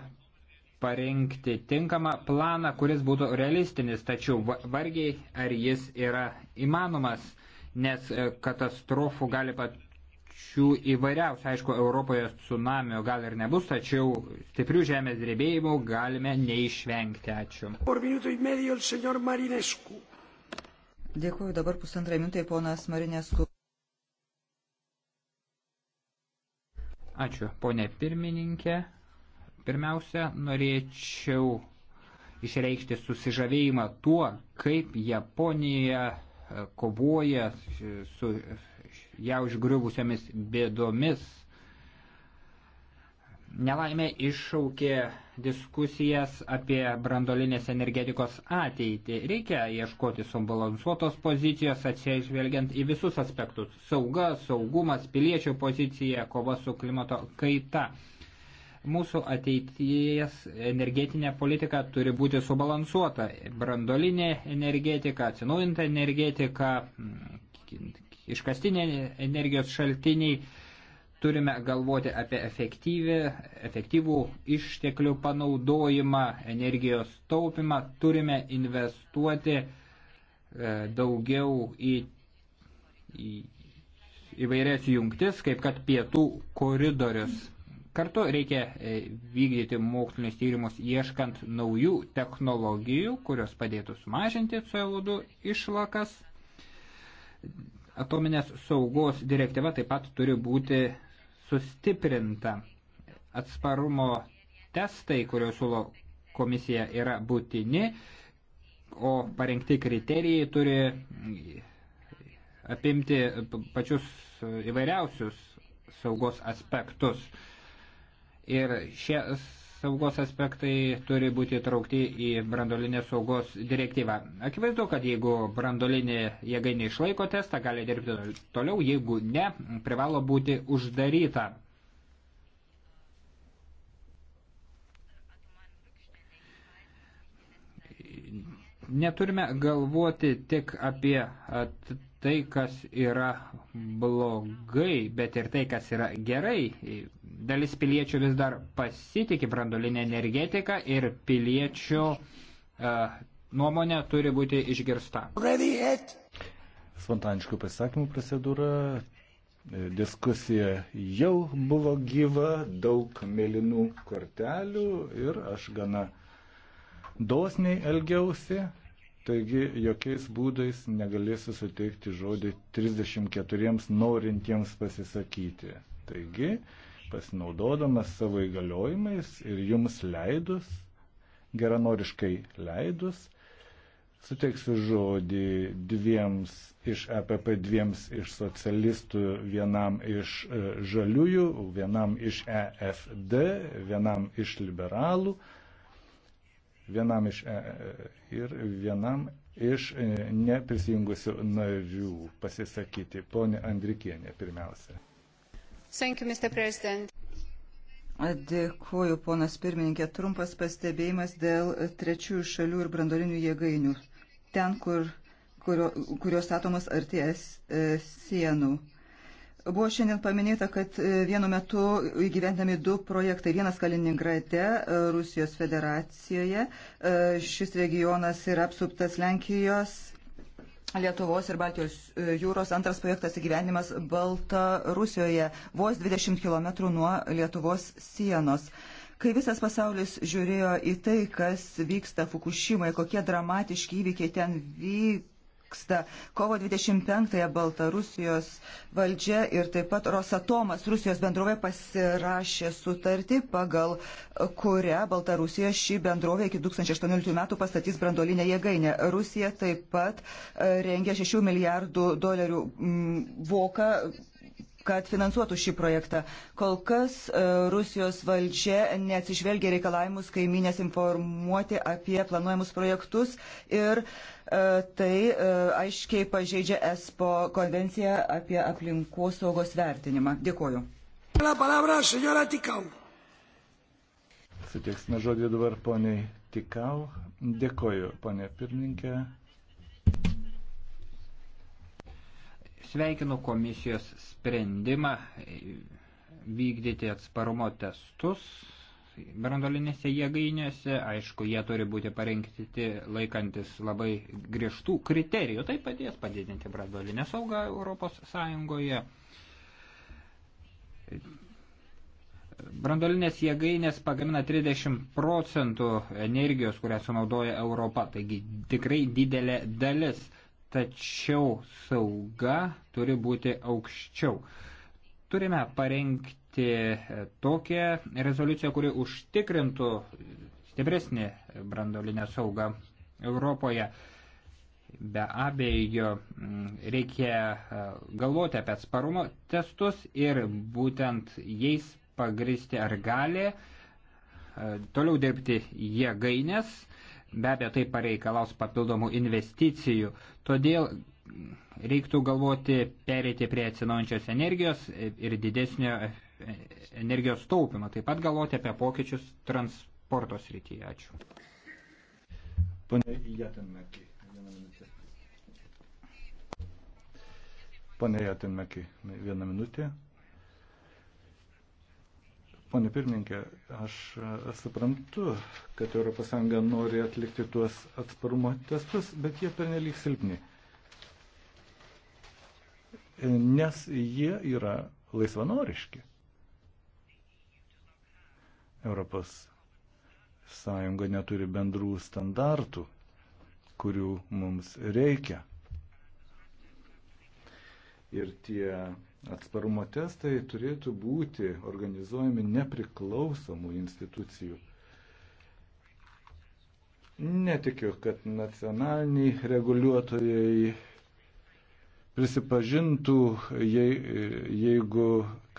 parengti tinkamą planą, kuris būtų realistinis, tačiau vargiai ar jis yra įmanomas, nes e, katastrofų gali pat pačių įvairiausių. Aišku, Europoje tsunamio gal ir nebus, tačiau stiprių žemės drebėjimų galime neišvengti. Ačiū. Dėkuoju dabar pusantrai mintai, ponas Marinesku. Ačiū, ponė pirmininkė. Pirmiausia, norėčiau išreikšti susižavėjimą tuo, kaip Japonija kovoja su ją užgriuvusiamis bėdomis. Nelaimė iššaukė diskusijas apie brandolinės energetikos ateitį. Reikia ieškoti subalansuotos pozicijos, atsižvelgiant į visus aspektus - sauga, saugumas, piliečių pozicija, kova su klimato kaita. Mūsų ateities energetinė politika turi būti subalansuota. Brandolinė energetika, atsinaujinta energetika, iškastiniai energijos šaltiniai, turime galvoti apie efektyvį, efektyvų išteklių panaudojimą, energijos taupimą, turime investuoti e, daugiau į, į įvairias jungtis, kaip kad pietų koridorius. Kartu reikia e, vykdyti mokslinius tyrimus ieškant naujų technologijų, kurios padėtų sumažinti CO2 išlakas. Atominės saugos direktyva taip pat turi būti sustiprinta. Atsparumo testai, kuriuos siūlo komisija, yra būtini, o parengti kriterijai turi apimti pačius įvairiausius saugos aspektus. Ir šias saugos aspektai turi būti traukti į brandolinės saugos direktyvą. Akivaizdu, kad jeigu brandolinė jėgainė išlaiko testą, gali dirbti toliau, jeigu ne, privalo būti uždaryta. Neturime galvoti tik apie tai, kas yra blogai, bet ir tai, kas yra gerai. Dalis piliečių vis dar pasitikė brandolinę energetiką ir piliečių uh, nuomonė turi būti išgirsta. Spontaniškų pasisakymų procedūra. Diskusija jau buvo gyva, daug mėlynų kortelių ir aš gana uh, dosniai elgiausi, taigi jokiais būdais negalėsiu suteikti žodį 34 norintiems pasisakyti. Taigi, pasinaudodamas savo įgaliojimais ir jums leidus, geranoriškai leidus, suteiksiu žodį dviems iš EPP, dviems iš socialistų, vienam iš e, žaliųjų, vienam iš EFD, vienam iš liberalų, vienam iš, e, e, ir vienam iš e, neprisijungusių narių pasisakyti. Pone Andrikienė pirmiausia. Thank you, Mr. President. Dėkuoju, ponas pirmininkė. Trumpas pastebėjimas dėl trečiųjų šalių ir brandolinių jėgainių. Ten, kur, kurio, kurios statomos arties e, sienų. E, Buvo šiandien paminėta, kad e, vienu metu įgyvendami du projektai. Vienas Kaliningrade, e, Rusijos federacijoje. E, šis regionas yra apsuptas Lenkijos. Lietuvos ir Baltijos jūros antras projektas įgyvenimas Baltarusijoje, vos 20 km nuo Lietuvos sienos. Kai visas pasaulis žiūrėjo į tai, kas vyksta Fukushimoje, kokie dramatiški įvykiai ten vyko, vyksta. Kovo 25-ąją Baltarusijos valdžia ir taip pat Rosatomas Rusijos bendrovė pasirašė sutartį, pagal kurią Baltarusija šį bendrovę iki 2018 metų pastatys brandolinę jėgainę. Rusija taip pat e, rengia 6 milijardų dolerių voką kad finansuotų šį projektą. Kol kas e, Rusijos valdžia neatsižvelgia reikalavimus kaiminės informuoti apie planuojamus projektus ir e, tai e, aiškiai pažeidžia ESPO konvenciją apie aplinkos saugos vertinimą. Dėkuoju. Suteiksime žodį dabar poniai Tikau. Dėkoju, ponė pirmininkė. Sveikinu komisijos sprendimą e, vykdyti atsparumo testus brandolinėse jėgainėse. Aišku, jie turi būti parengti laikantis labai griežtų kriterijų. Tai padės padidinti brandolinę saugą Europos Sąjungoje. Brandolinės jėgainės pagamina 30 procentų energijos, kurią sunaudoja Europa, taigi tikrai didelė dalis tačiau sauga turi būti aukščiau. Turime parengti tokią rezoliuciją, kuri užtikrintų stipresnį brandolinę saugą Europoje. Be abejo, reikia e, galvoti apie atsparumo testus ir būtent jais pagristi ar gali e, toliau dirbti jėgainės, Be abejo, tai pareikalaus papildomų investicijų. Todėl reiktų galvoti perėti prie atsinaujančios energijos ir didesnio energijos taupimo. Taip pat galvoti apie pokyčius transporto srityje. Ačiū. Pane Jatinmekį, vieną minutę. Pane Jatinmekį, vieną minutę. Pone pirmininkė, aš e, suprantu, kad ES nori atlikti tuos atsparumo testus, bet jie pernelyg silpni. E, nes jie yra laisvanoriški. Europos Sąjunga neturi bendrų standartų, kurių mums reikia. Ir tie Atsparumo testai turėtų būti organizuojami nepriklausomų institucijų. Netikiu, kad nacionaliniai reguliuotojai prisipažintų, jei, jeigu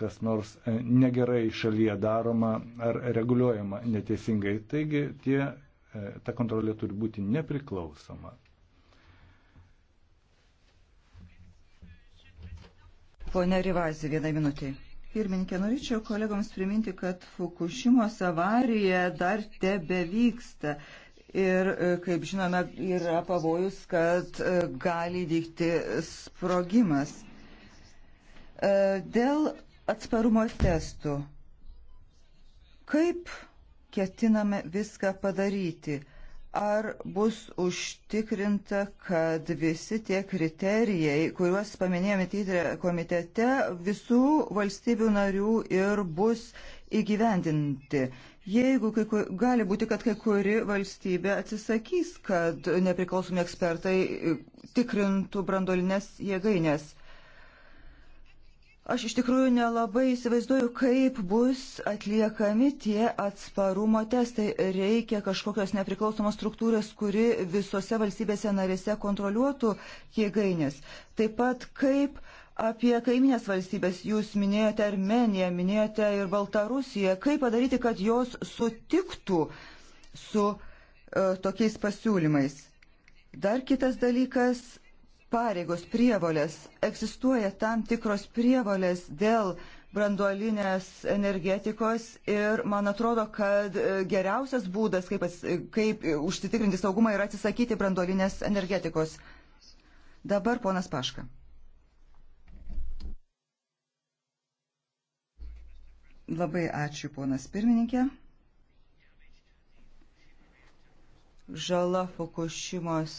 kas nors e, negerai šalyje daroma ar reguliuojama neteisingai. Taigi tie, e, ta kontrolė turi būti nepriklausoma. Pone Rivazi, vieną minutį. Pirmininkė, norėčiau kolegoms priminti, kad Fukushimos avarija dar tebe vyksta. Ir, e, kaip žinome, yra pavojus, kad e, gali vykti sprogimas. E, dėl atsparumo testų. Kaip ketiname viską padaryti? ar bus užtikrinta, kad visi tie kriterijai, kuriuos paminėjome tytrė komitete, visų valstybių narių ir bus įgyvendinti. Jeigu kai, gali būti, kad kai kuri valstybė atsisakys, kad nepriklausomi ekspertai tikrintų brandolinės jėgainės. Aš iš tikrųjų nelabai įsivaizduoju, kaip bus atliekami tie atsparumo testai. Reikia kažkokios nepriklausomos struktūros, kuri visose valstybėse narėse kontroliuotų jėgainės. Taip pat kaip apie kaiminės valstybės jūs minėjote Armeniją, minėjote ir Baltarusiją. Kaip padaryti, kad jos sutiktų su e, tokiais pasiūlymais? Dar kitas dalykas pareigos prievolės, egzistuoja tam tikros prievolės dėl branduolinės energetikos ir man atrodo, kad e, geriausias būdas, kaip, kaip užsitikrinti saugumą, yra atsisakyti branduolinės energetikos. Dabar ponas Paška. Labai ačiū, ponas pirmininkė. Žala Fukushimos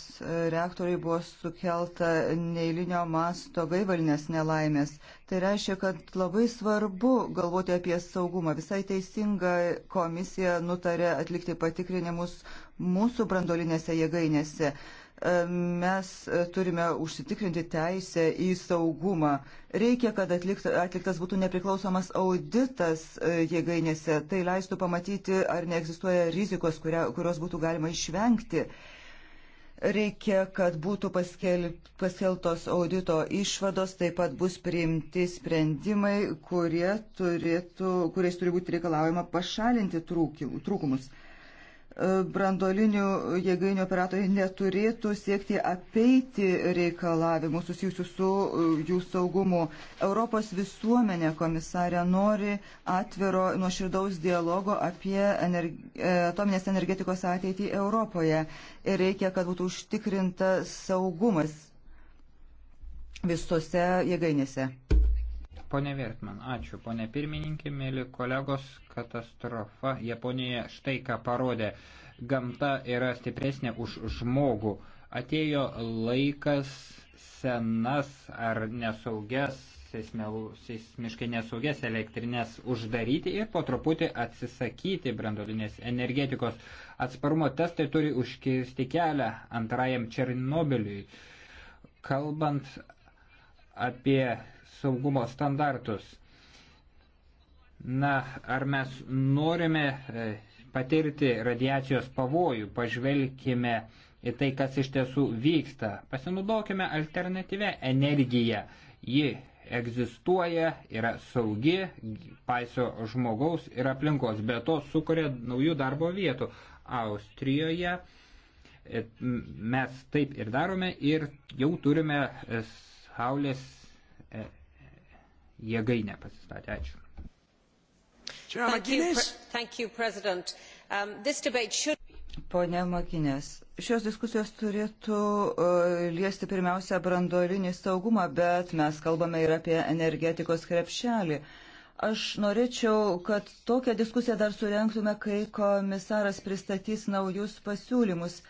reaktoriai buvo sukelta neįlinio masto gaivalinės nelaimės. Tai reiškia, kad labai svarbu galvoti apie saugumą. Visai teisinga komisija nutarė atlikti patikrinimus mūsų brandolinėse jėgainėse mes e, turime užsitikrinti teisę į saugumą. Reikia, kad atliktas būtų nepriklausomas auditas e, jėgainėse. Tai leistų pamatyti, ar neegzistuoja rizikos, kurios būtų galima išvengti. Reikia, kad būtų paskel, paskeltos audito išvados, taip pat bus priimti sprendimai, turėtų, kuriais turi būti reikalaujama pašalinti trūkimus. trūkumus brandolinių jėgainių operatoriai neturėtų siekti apeiti reikalavimų susijusių su e, jų saugumu. Europos visuomenė komisarė nori atviro nuoširdaus dialogo apie energi e, atominės energetikos ateitį Europoje ir reikia, kad būtų užtikrinta saugumas visose jėgainėse. Pone Vertman, ačiū. Pone pirmininkė, mėly kolegos, katastrofa Japonijoje štai ką parodė. Gamta yra stipresnė už žmogų. Atėjo laikas senas ar nesaugias, seismiškai nesaugias elektrinės uždaryti ir po truputį atsisakyti brandolinės energetikos. Atsparumo testai turi užkirsti kelią antrajam Černobiliui. Kalbant apie saugumo standartus. Na, ar mes norime e, patirti radiacijos pavojų, pažvelkime į tai, kas iš tiesų vyksta. Pasinaudokime alternatyvę energiją. Ji egzistuoja, yra saugi, paiso žmogaus ir aplinkos, bet to sukuria naujų darbo vietų. Austrijoje e, mes taip ir darome ir jau turime e, saulės jėgainę pasistatė. Ačiū. Thank you, thank you, President. Um, this debate should... Pone Makinės, šios diskusijos turėtų uh, liesti pirmiausia brandolinį saugumą, bet mes kalbame ir apie energetikos krepšelį. Aš norėčiau, kad tokią diskusiją dar surenktume, kai komisaras pristatys naujus pasiūlymus.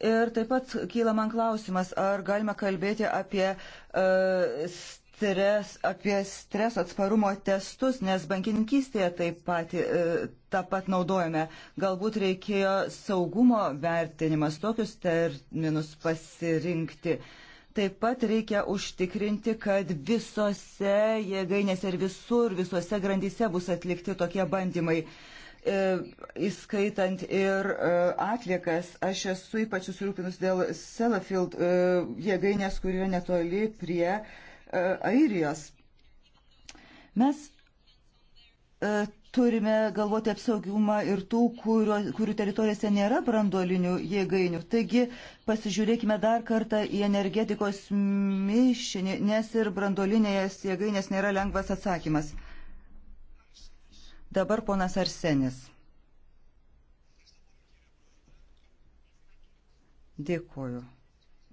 Ir taip pat kyla man klausimas, ar galime kalbėti apie uh, stres, apie streso atsparumo testus, nes bankininkystėje taip pat, e, tą pat naudojame. Galbūt reikėjo saugumo vertinimas, tokius terminus pasirinkti. Taip pat reikia užtikrinti, kad visose jėgainėse ir visur, visose grandyse bus atlikti tokie bandymai. E, įskaitant ir e, atliekas, aš esu ypač susirūpinus dėl Sellafield e, jėgainės, kur yra netoli prie e, E, Airijos. Mes e, turime galvoti apsaugumą ir tų, kurio, kurių teritorijose nėra branduolinių jėgainių. Taigi pasižiūrėkime dar kartą į energetikos mišinį, nes ir branduolinės jėgainės nėra lengvas atsakymas. Dabar ponas Arsenis. Dėkuoju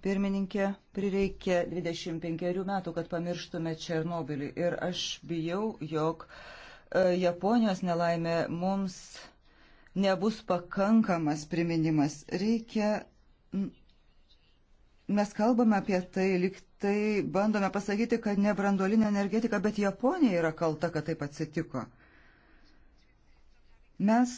pirmininkė, prireikė 25 metų, kad pamirštume Černobilį. Ir aš bijau, jog e, Japonijos nelaimė mums nebus pakankamas priminimas. Reikia. Mes kalbame apie tai, lyg tai bandome pasakyti, kad ne branduolinė energetika, bet Japonija yra kalta, kad taip atsitiko. Mes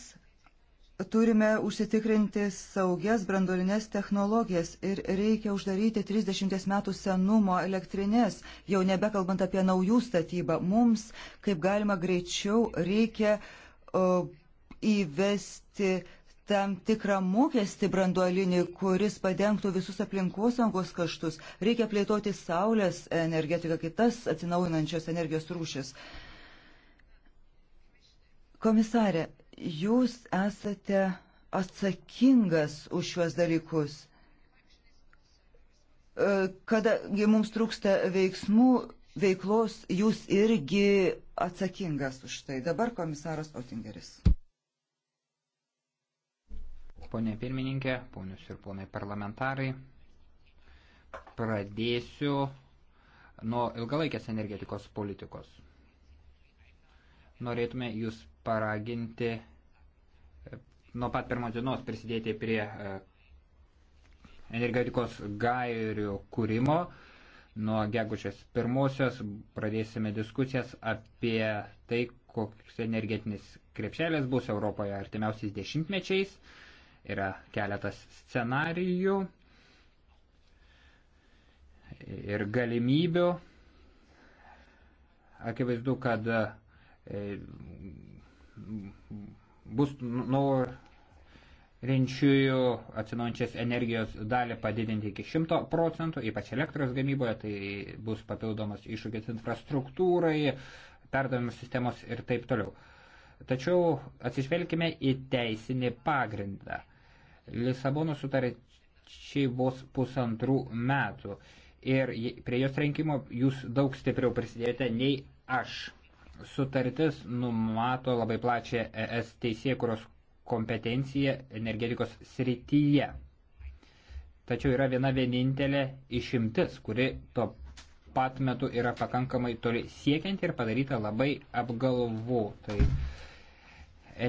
turime užsitikrinti saugias brandolinės technologijas ir reikia uždaryti 30 metų senumo elektrinės, jau nebekalbant apie naujų statybą. Mums kaip galima greičiau reikia o, įvesti tam tikrą mokestį branduolinį, kuris padengtų visus aplinkosaugos kaštus. Reikia plėtoti saulės energetiką, kitas atsinaujinančios energijos rūšis. Komisarė, Jūs esate atsakingas už šiuos dalykus. E, Kadangi mums trūksta veiksmų, veiklos, jūs irgi atsakingas už tai. Dabar komisaras Otingeris. Pone pirmininkė, ponius ir ponai parlamentarai, pradėsiu nuo ilgalaikės energetikos politikos norėtume jūs paraginti e, nuo pat pirmos dienos prisidėti prie e, energetikos gairių kūrimo. Nuo gegužės pirmosios pradėsime diskusijas apie tai, koks energetinis krepšelis bus Europoje artimiausiais dešimtmečiais. Yra keletas scenarijų ir galimybių. Akivaizdu, kad E, bus norinčiųjų atsinaujančias energijos dalį padidinti iki 100 procentų, ypač elektros gamyboje, tai bus papildomas iššūkis infrastruktūrai, perdavimo sistemos ir taip toliau. Tačiau atsižvelgime į teisinį pagrindą. Lisabono sutarčiai vos pusantrų metų ir prie jos rinkimo jūs daug stipriau prisidėjote nei aš. Sutartis numato labai plačią ES teisėkuros kompetenciją energetikos srityje. Tačiau yra viena vienintelė išimtis, kuri tuo pat metu yra pakankamai toli siekianti ir padaryta labai apgalvotai.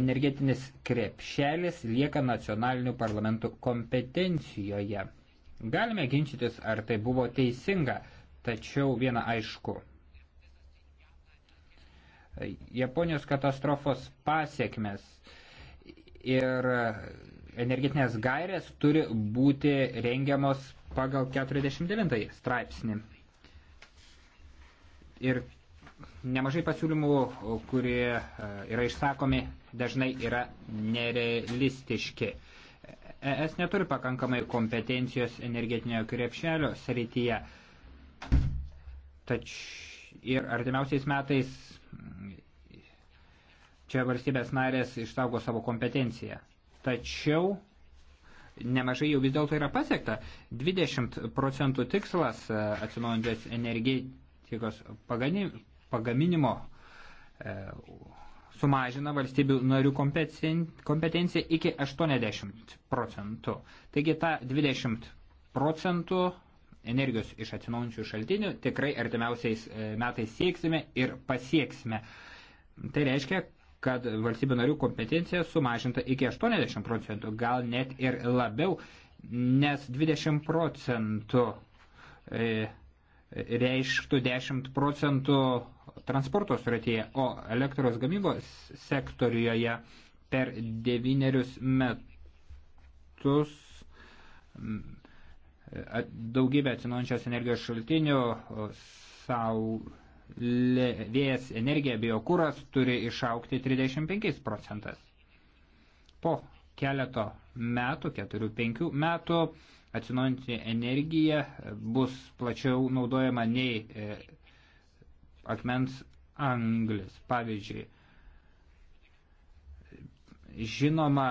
Energetinis krepšelis lieka nacionalinių parlamentų kompetencijoje. Galime ginčytis, ar tai buvo teisinga, tačiau viena aišku, Japonijos katastrofos pasiekmes ir energetinės gairės turi būti rengiamos pagal 49 straipsnį. Ir nemažai pasiūlymų, kurie e, yra išsakomi, dažnai yra nerealistiški. E, ES neturi pakankamai kompetencijos energetinio krepšelio srityje. Tačiau ir artimiausiais metais Čia valstybės narės išsaugo savo kompetenciją. Tačiau nemažai jau vis dėlto yra pasiekta. 20 procentų tikslas e, atsinaujančios energetikos pagaminimo e, sumažina valstybių narių kompetenciją iki 80 procentų. Taigi tą 20 procentų energijos iš atsinaujančių šaltinių tikrai artimiausiais e, metais sieksime ir pasieksime. Tai reiškia, kad valstybių narių kompetencija sumažinta iki 80 procentų, gal net ir labiau, nes 20 procentų e, reišktų 10 procentų transporto srityje, o elektros gamybos sektorijoje per devynerius metus daugybę atsinaujančios energijos šaltinių, saulė, vėjas energija, biokūras turi išaukti 35 procentas. Po keleto metų, 4-5 metų, atsinaujantį energiją bus plačiau naudojama nei e, akmens anglis. Pavyzdžiui, žinoma,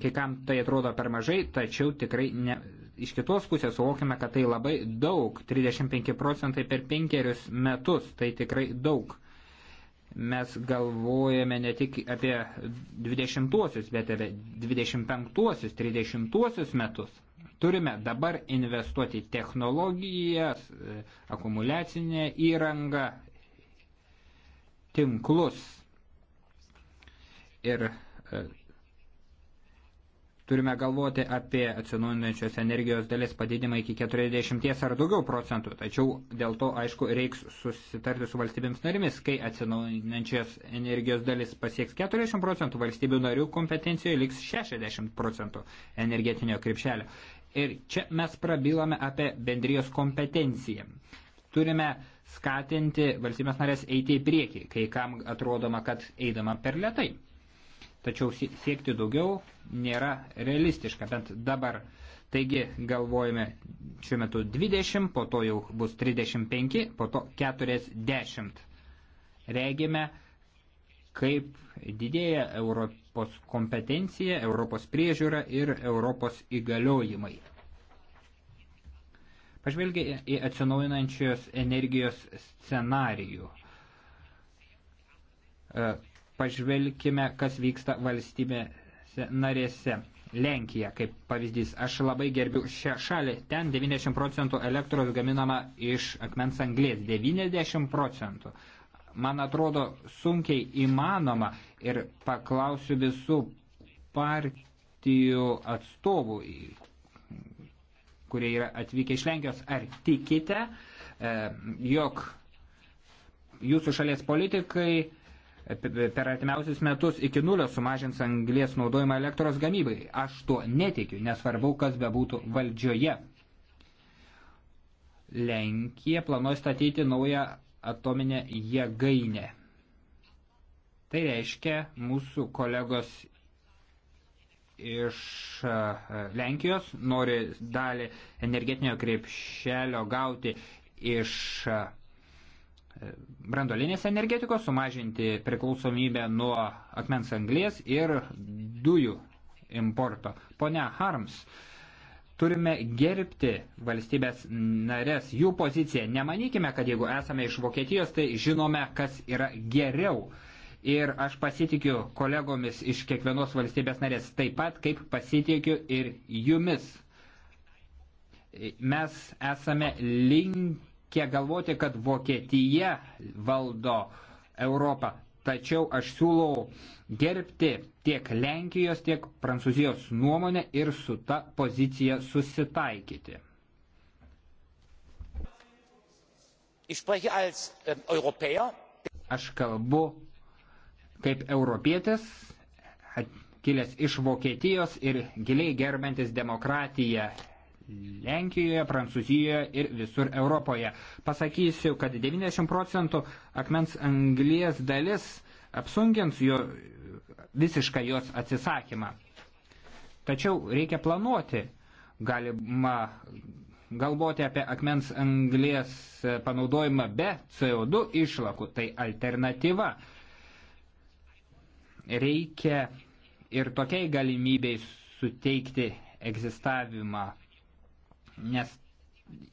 kai kam tai atrodo per mažai, tačiau tikrai ne, iš kitos pusės suvokime, kad tai labai daug, 35 procentai per penkerius metus, tai tikrai daug. Mes galvojame ne tik apie 20-uosius, bet ir 25-uosius, 30-uosius metus. Turime dabar investuoti technologijas, akumuliacinę įrangą, tinklus. Ir e, Turime galvoti apie atsinaujinančios energijos dalis padidimą iki 40 ar daugiau procentų, tačiau dėl to, aišku, reiks susitarti su valstybėms narimis, kai atsinaujinančios energijos dalis pasieks 40 procentų, valstybių narių kompetencijoje liks 60 procentų energetinio krepšelio. Ir čia mes prabilame apie bendrijos kompetenciją. Turime skatinti valstybės narės eiti į priekį, kai kam atrodoma, kad eidama per lietai tačiau siekti daugiau nėra realistiška, bent dabar. Taigi galvojame šiuo metu 20, po to jau bus 35, po to 40. Regime, kaip didėja Europos kompetencija, Europos priežiūra ir Europos įgaliojimai. Pažvelgia į atsinaujinančios energijos scenarijų e, Pažvelkime, kas vyksta valstybėse narėse. Lenkija, kaip pavyzdys, aš labai gerbiu šią šalį. Ten 90 procentų elektros gaminama iš akmens anglės. 90 procentų. Man atrodo sunkiai įmanoma ir paklausiu visų partijų atstovų, kurie yra atvykę iš Lenkijos, ar tikite, e, jog jūsų šalies politikai per artimiausius metus iki nulio sumažins anglės naudojimą elektros gamybai. Aš tuo netikiu, nesvarbu, kas bebūtų valdžioje. Lenkija planuoja statyti naują atominę jėgainę. Tai reiškia, mūsų kolegos iš e, Lenkijos nori dalį energetinio krepšelio gauti iš e, brandolinės energetikos, sumažinti priklausomybę nuo akmens anglės ir dujų importo. Pone Harms, turime gerbti valstybės narės, jų poziciją. Nemanykime, kad jeigu esame iš Vokietijos, tai žinome, kas yra geriau. Ir aš pasitikiu kolegomis iš kiekvienos valstybės narės, taip pat kaip pasitikiu ir jumis. Mes esame linkę kiek galvoti, kad Vokietija valdo Europą. Tačiau aš siūlau gerbti tiek Lenkijos, tiek Prancūzijos nuomonę ir su ta pozicija susitaikyti. Ähm, aš kalbu kaip europietis, kilęs iš Vokietijos ir giliai gerbantis demokratiją Lenkijoje, Prancūzijoje ir visur Europoje. Pasakysiu, kad 90 procentų akmens anglies dalis apsunkins jo visišką jos atsisakymą. Tačiau reikia planuoti. Galima galvoti apie akmens anglies panaudojimą be CO2 išlakų. Tai alternatyva. Reikia ir tokiai galimybei suteikti egzistavimą nes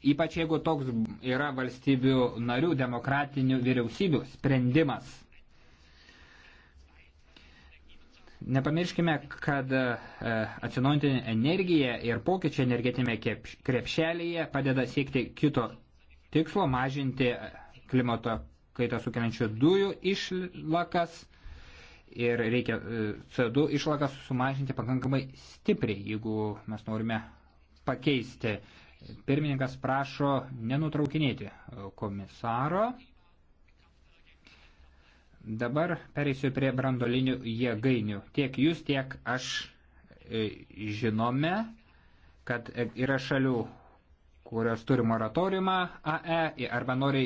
ypač jeigu toks yra valstybių narių demokratinių vyriausybių sprendimas. Nepamirškime, kad e, atsinaujinti energiją ir pokyčiai energetinėme krepšelėje padeda siekti kito tikslo mažinti e, klimato kaitą sukeliančių dujų išlakas ir reikia e, CO2 išlakas sumažinti pakankamai stipriai, jeigu mes norime pakeisti. Pirmininkas prašo nenutraukinėti komisaro. Dabar pereisiu prie brandolinių jėgainių. Tiek jūs, tiek aš e, žinome, kad yra šalių, kurios turi moratoriumą AE arba nori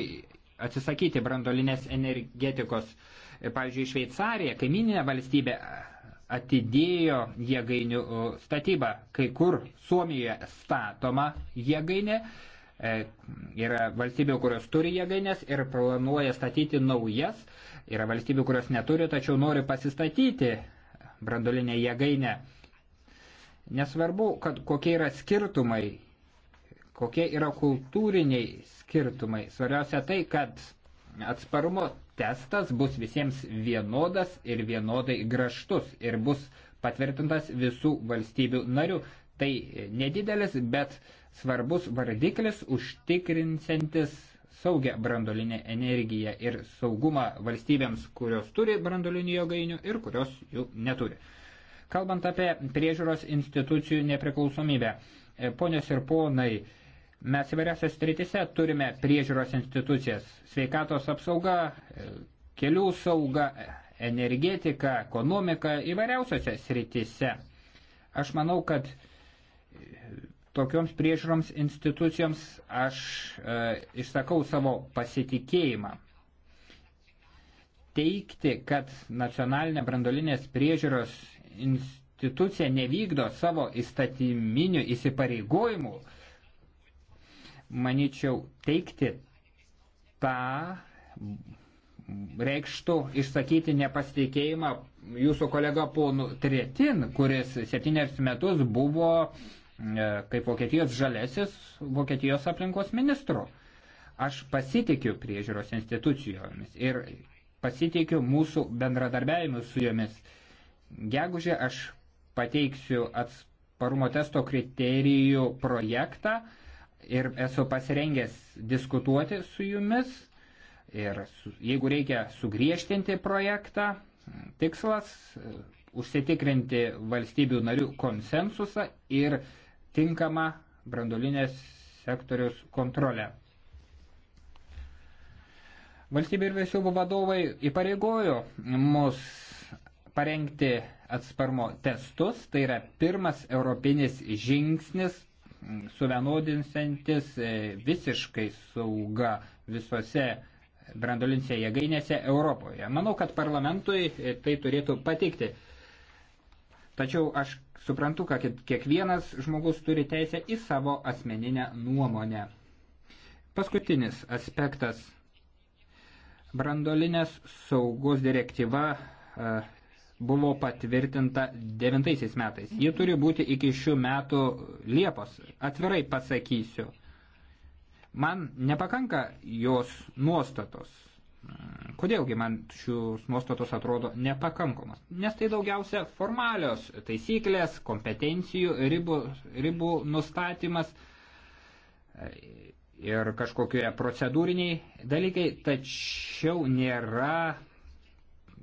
atsisakyti brandolinės energetikos. Pavyzdžiui, Šveicarija, kaiminė valstybė atidėjo jėgainių statybą. Kai kur Suomijoje statoma jėgainė, e, yra valstybių, kurios turi jėgainės ir planuoja statyti naujas, yra valstybių, kurios neturi, tačiau nori pasistatyti brandolinę jėgainę. Nesvarbu, kad kokie yra skirtumai, kokie yra kultūriniai skirtumai. Svarbiausia tai, kad atsparumo testas bus visiems vienodas ir vienodai graštus ir bus patvirtintas visų valstybių narių. Tai nedidelis, bet svarbus vardiklis užtikrinsantis saugę brandolinę energiją ir saugumą valstybėms, kurios turi brandolinių jėgainių ir kurios jų neturi. Kalbant apie priežiūros institucijų nepriklausomybę, e, ponios ir ponai, Mes įvairiose stritise turime priežiūros institucijas - sveikatos apsauga, kelių sauga, energetika, ekonomika įvairiausiose sritise. Aš manau, kad tokioms priežiūroms institucijoms aš e, išsakau savo pasitikėjimą. Teikti, kad nacionalinė brandolinės priežiūros institucija nevykdo savo įstatyminių įsipareigojimų, e, Maničiau, teikti tą reikštų išsakyti nepasiteikėjimą jūsų kolega ponu Tretin, kuris septynerius metus buvo e, kaip Vokietijos žalesis Vokietijos aplinkos ministru. Aš pasitikiu priežiūros institucijomis ir pasitikiu mūsų bendradarbiavimu su jomis. Gegužė aš pateiksiu atsparumo testo kriterijų projektą, ir esu pasirengęs diskutuoti su jumis ir su, jeigu reikia sugriežtinti projektą, tikslas e, užsitikrinti valstybių narių konsensusą ir tinkamą brandolinės sektorius kontrolę. Valstybė ir valstybių vadovai įpareigojo mus parengti atsparmo testus, tai yra pirmas europinis žingsnis suvienodinsantis e, visiškai sauga visose brandolinėse jėgainėse Europoje. Manau, kad parlamentui e, tai turėtų patikti. Tačiau aš suprantu, kad kiekvienas žmogus turi teisę į savo asmeninę nuomonę. Paskutinis aspektas. Brandolinės saugos direktyva e, buvo patvirtinta 9 metais. Ji turi būti iki šių metų Liepos. Atvirai pasakysiu. Man nepakanka jos nuostatos. Kodėlgi man šios nuostatos atrodo nepakankomas? Nes tai daugiausia formalios taisyklės, kompetencijų, ribų, ribų nustatymas e, ir kažkokie procedūriniai dalykai, tačiau nėra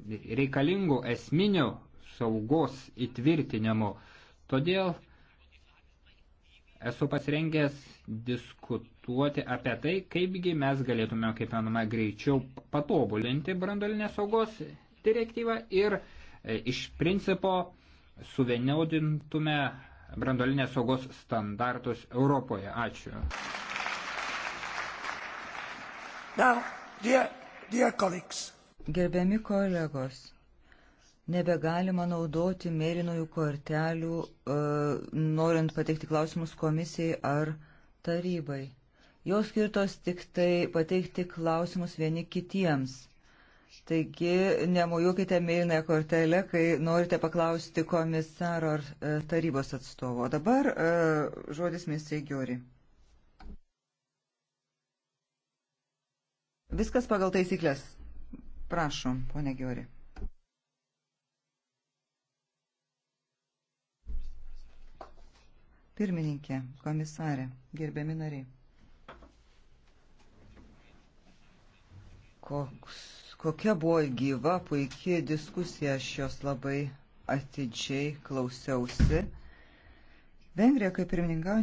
reikalingų esminių saugos įtvirtinimų. Todėl esu pasirengęs diskutuoti apie tai, kaipgi mes galėtume, kaip manoma, greičiau patobulinti brandolinės saugos direktyvą ir e, iš principo suvienodintume brandolinės saugos standartus Europoje. Ačiū. Now, dear, dear colleagues. Gerbiami kolegos, nebegalima naudoti mėlynojų kortelių, e, norint pateikti klausimus komisijai ar tarybai. Jos skirtos tik tai pateikti klausimus vieni kitiems. Taigi nemojuokite mėlynąją kortelę, kai norite paklausti komisaro ar e, tarybos atstovo. Dabar e, žodis ministrė Giori. Viskas pagal taisyklės. Prašom, ponė Giori. Pirmininkė, komisarė, gerbiami nariai. Koks, kokia buvo gyva, puikiai diskusija, aš jos labai atidžiai klausiausi. Vengrija, kaip pirmininkaujant,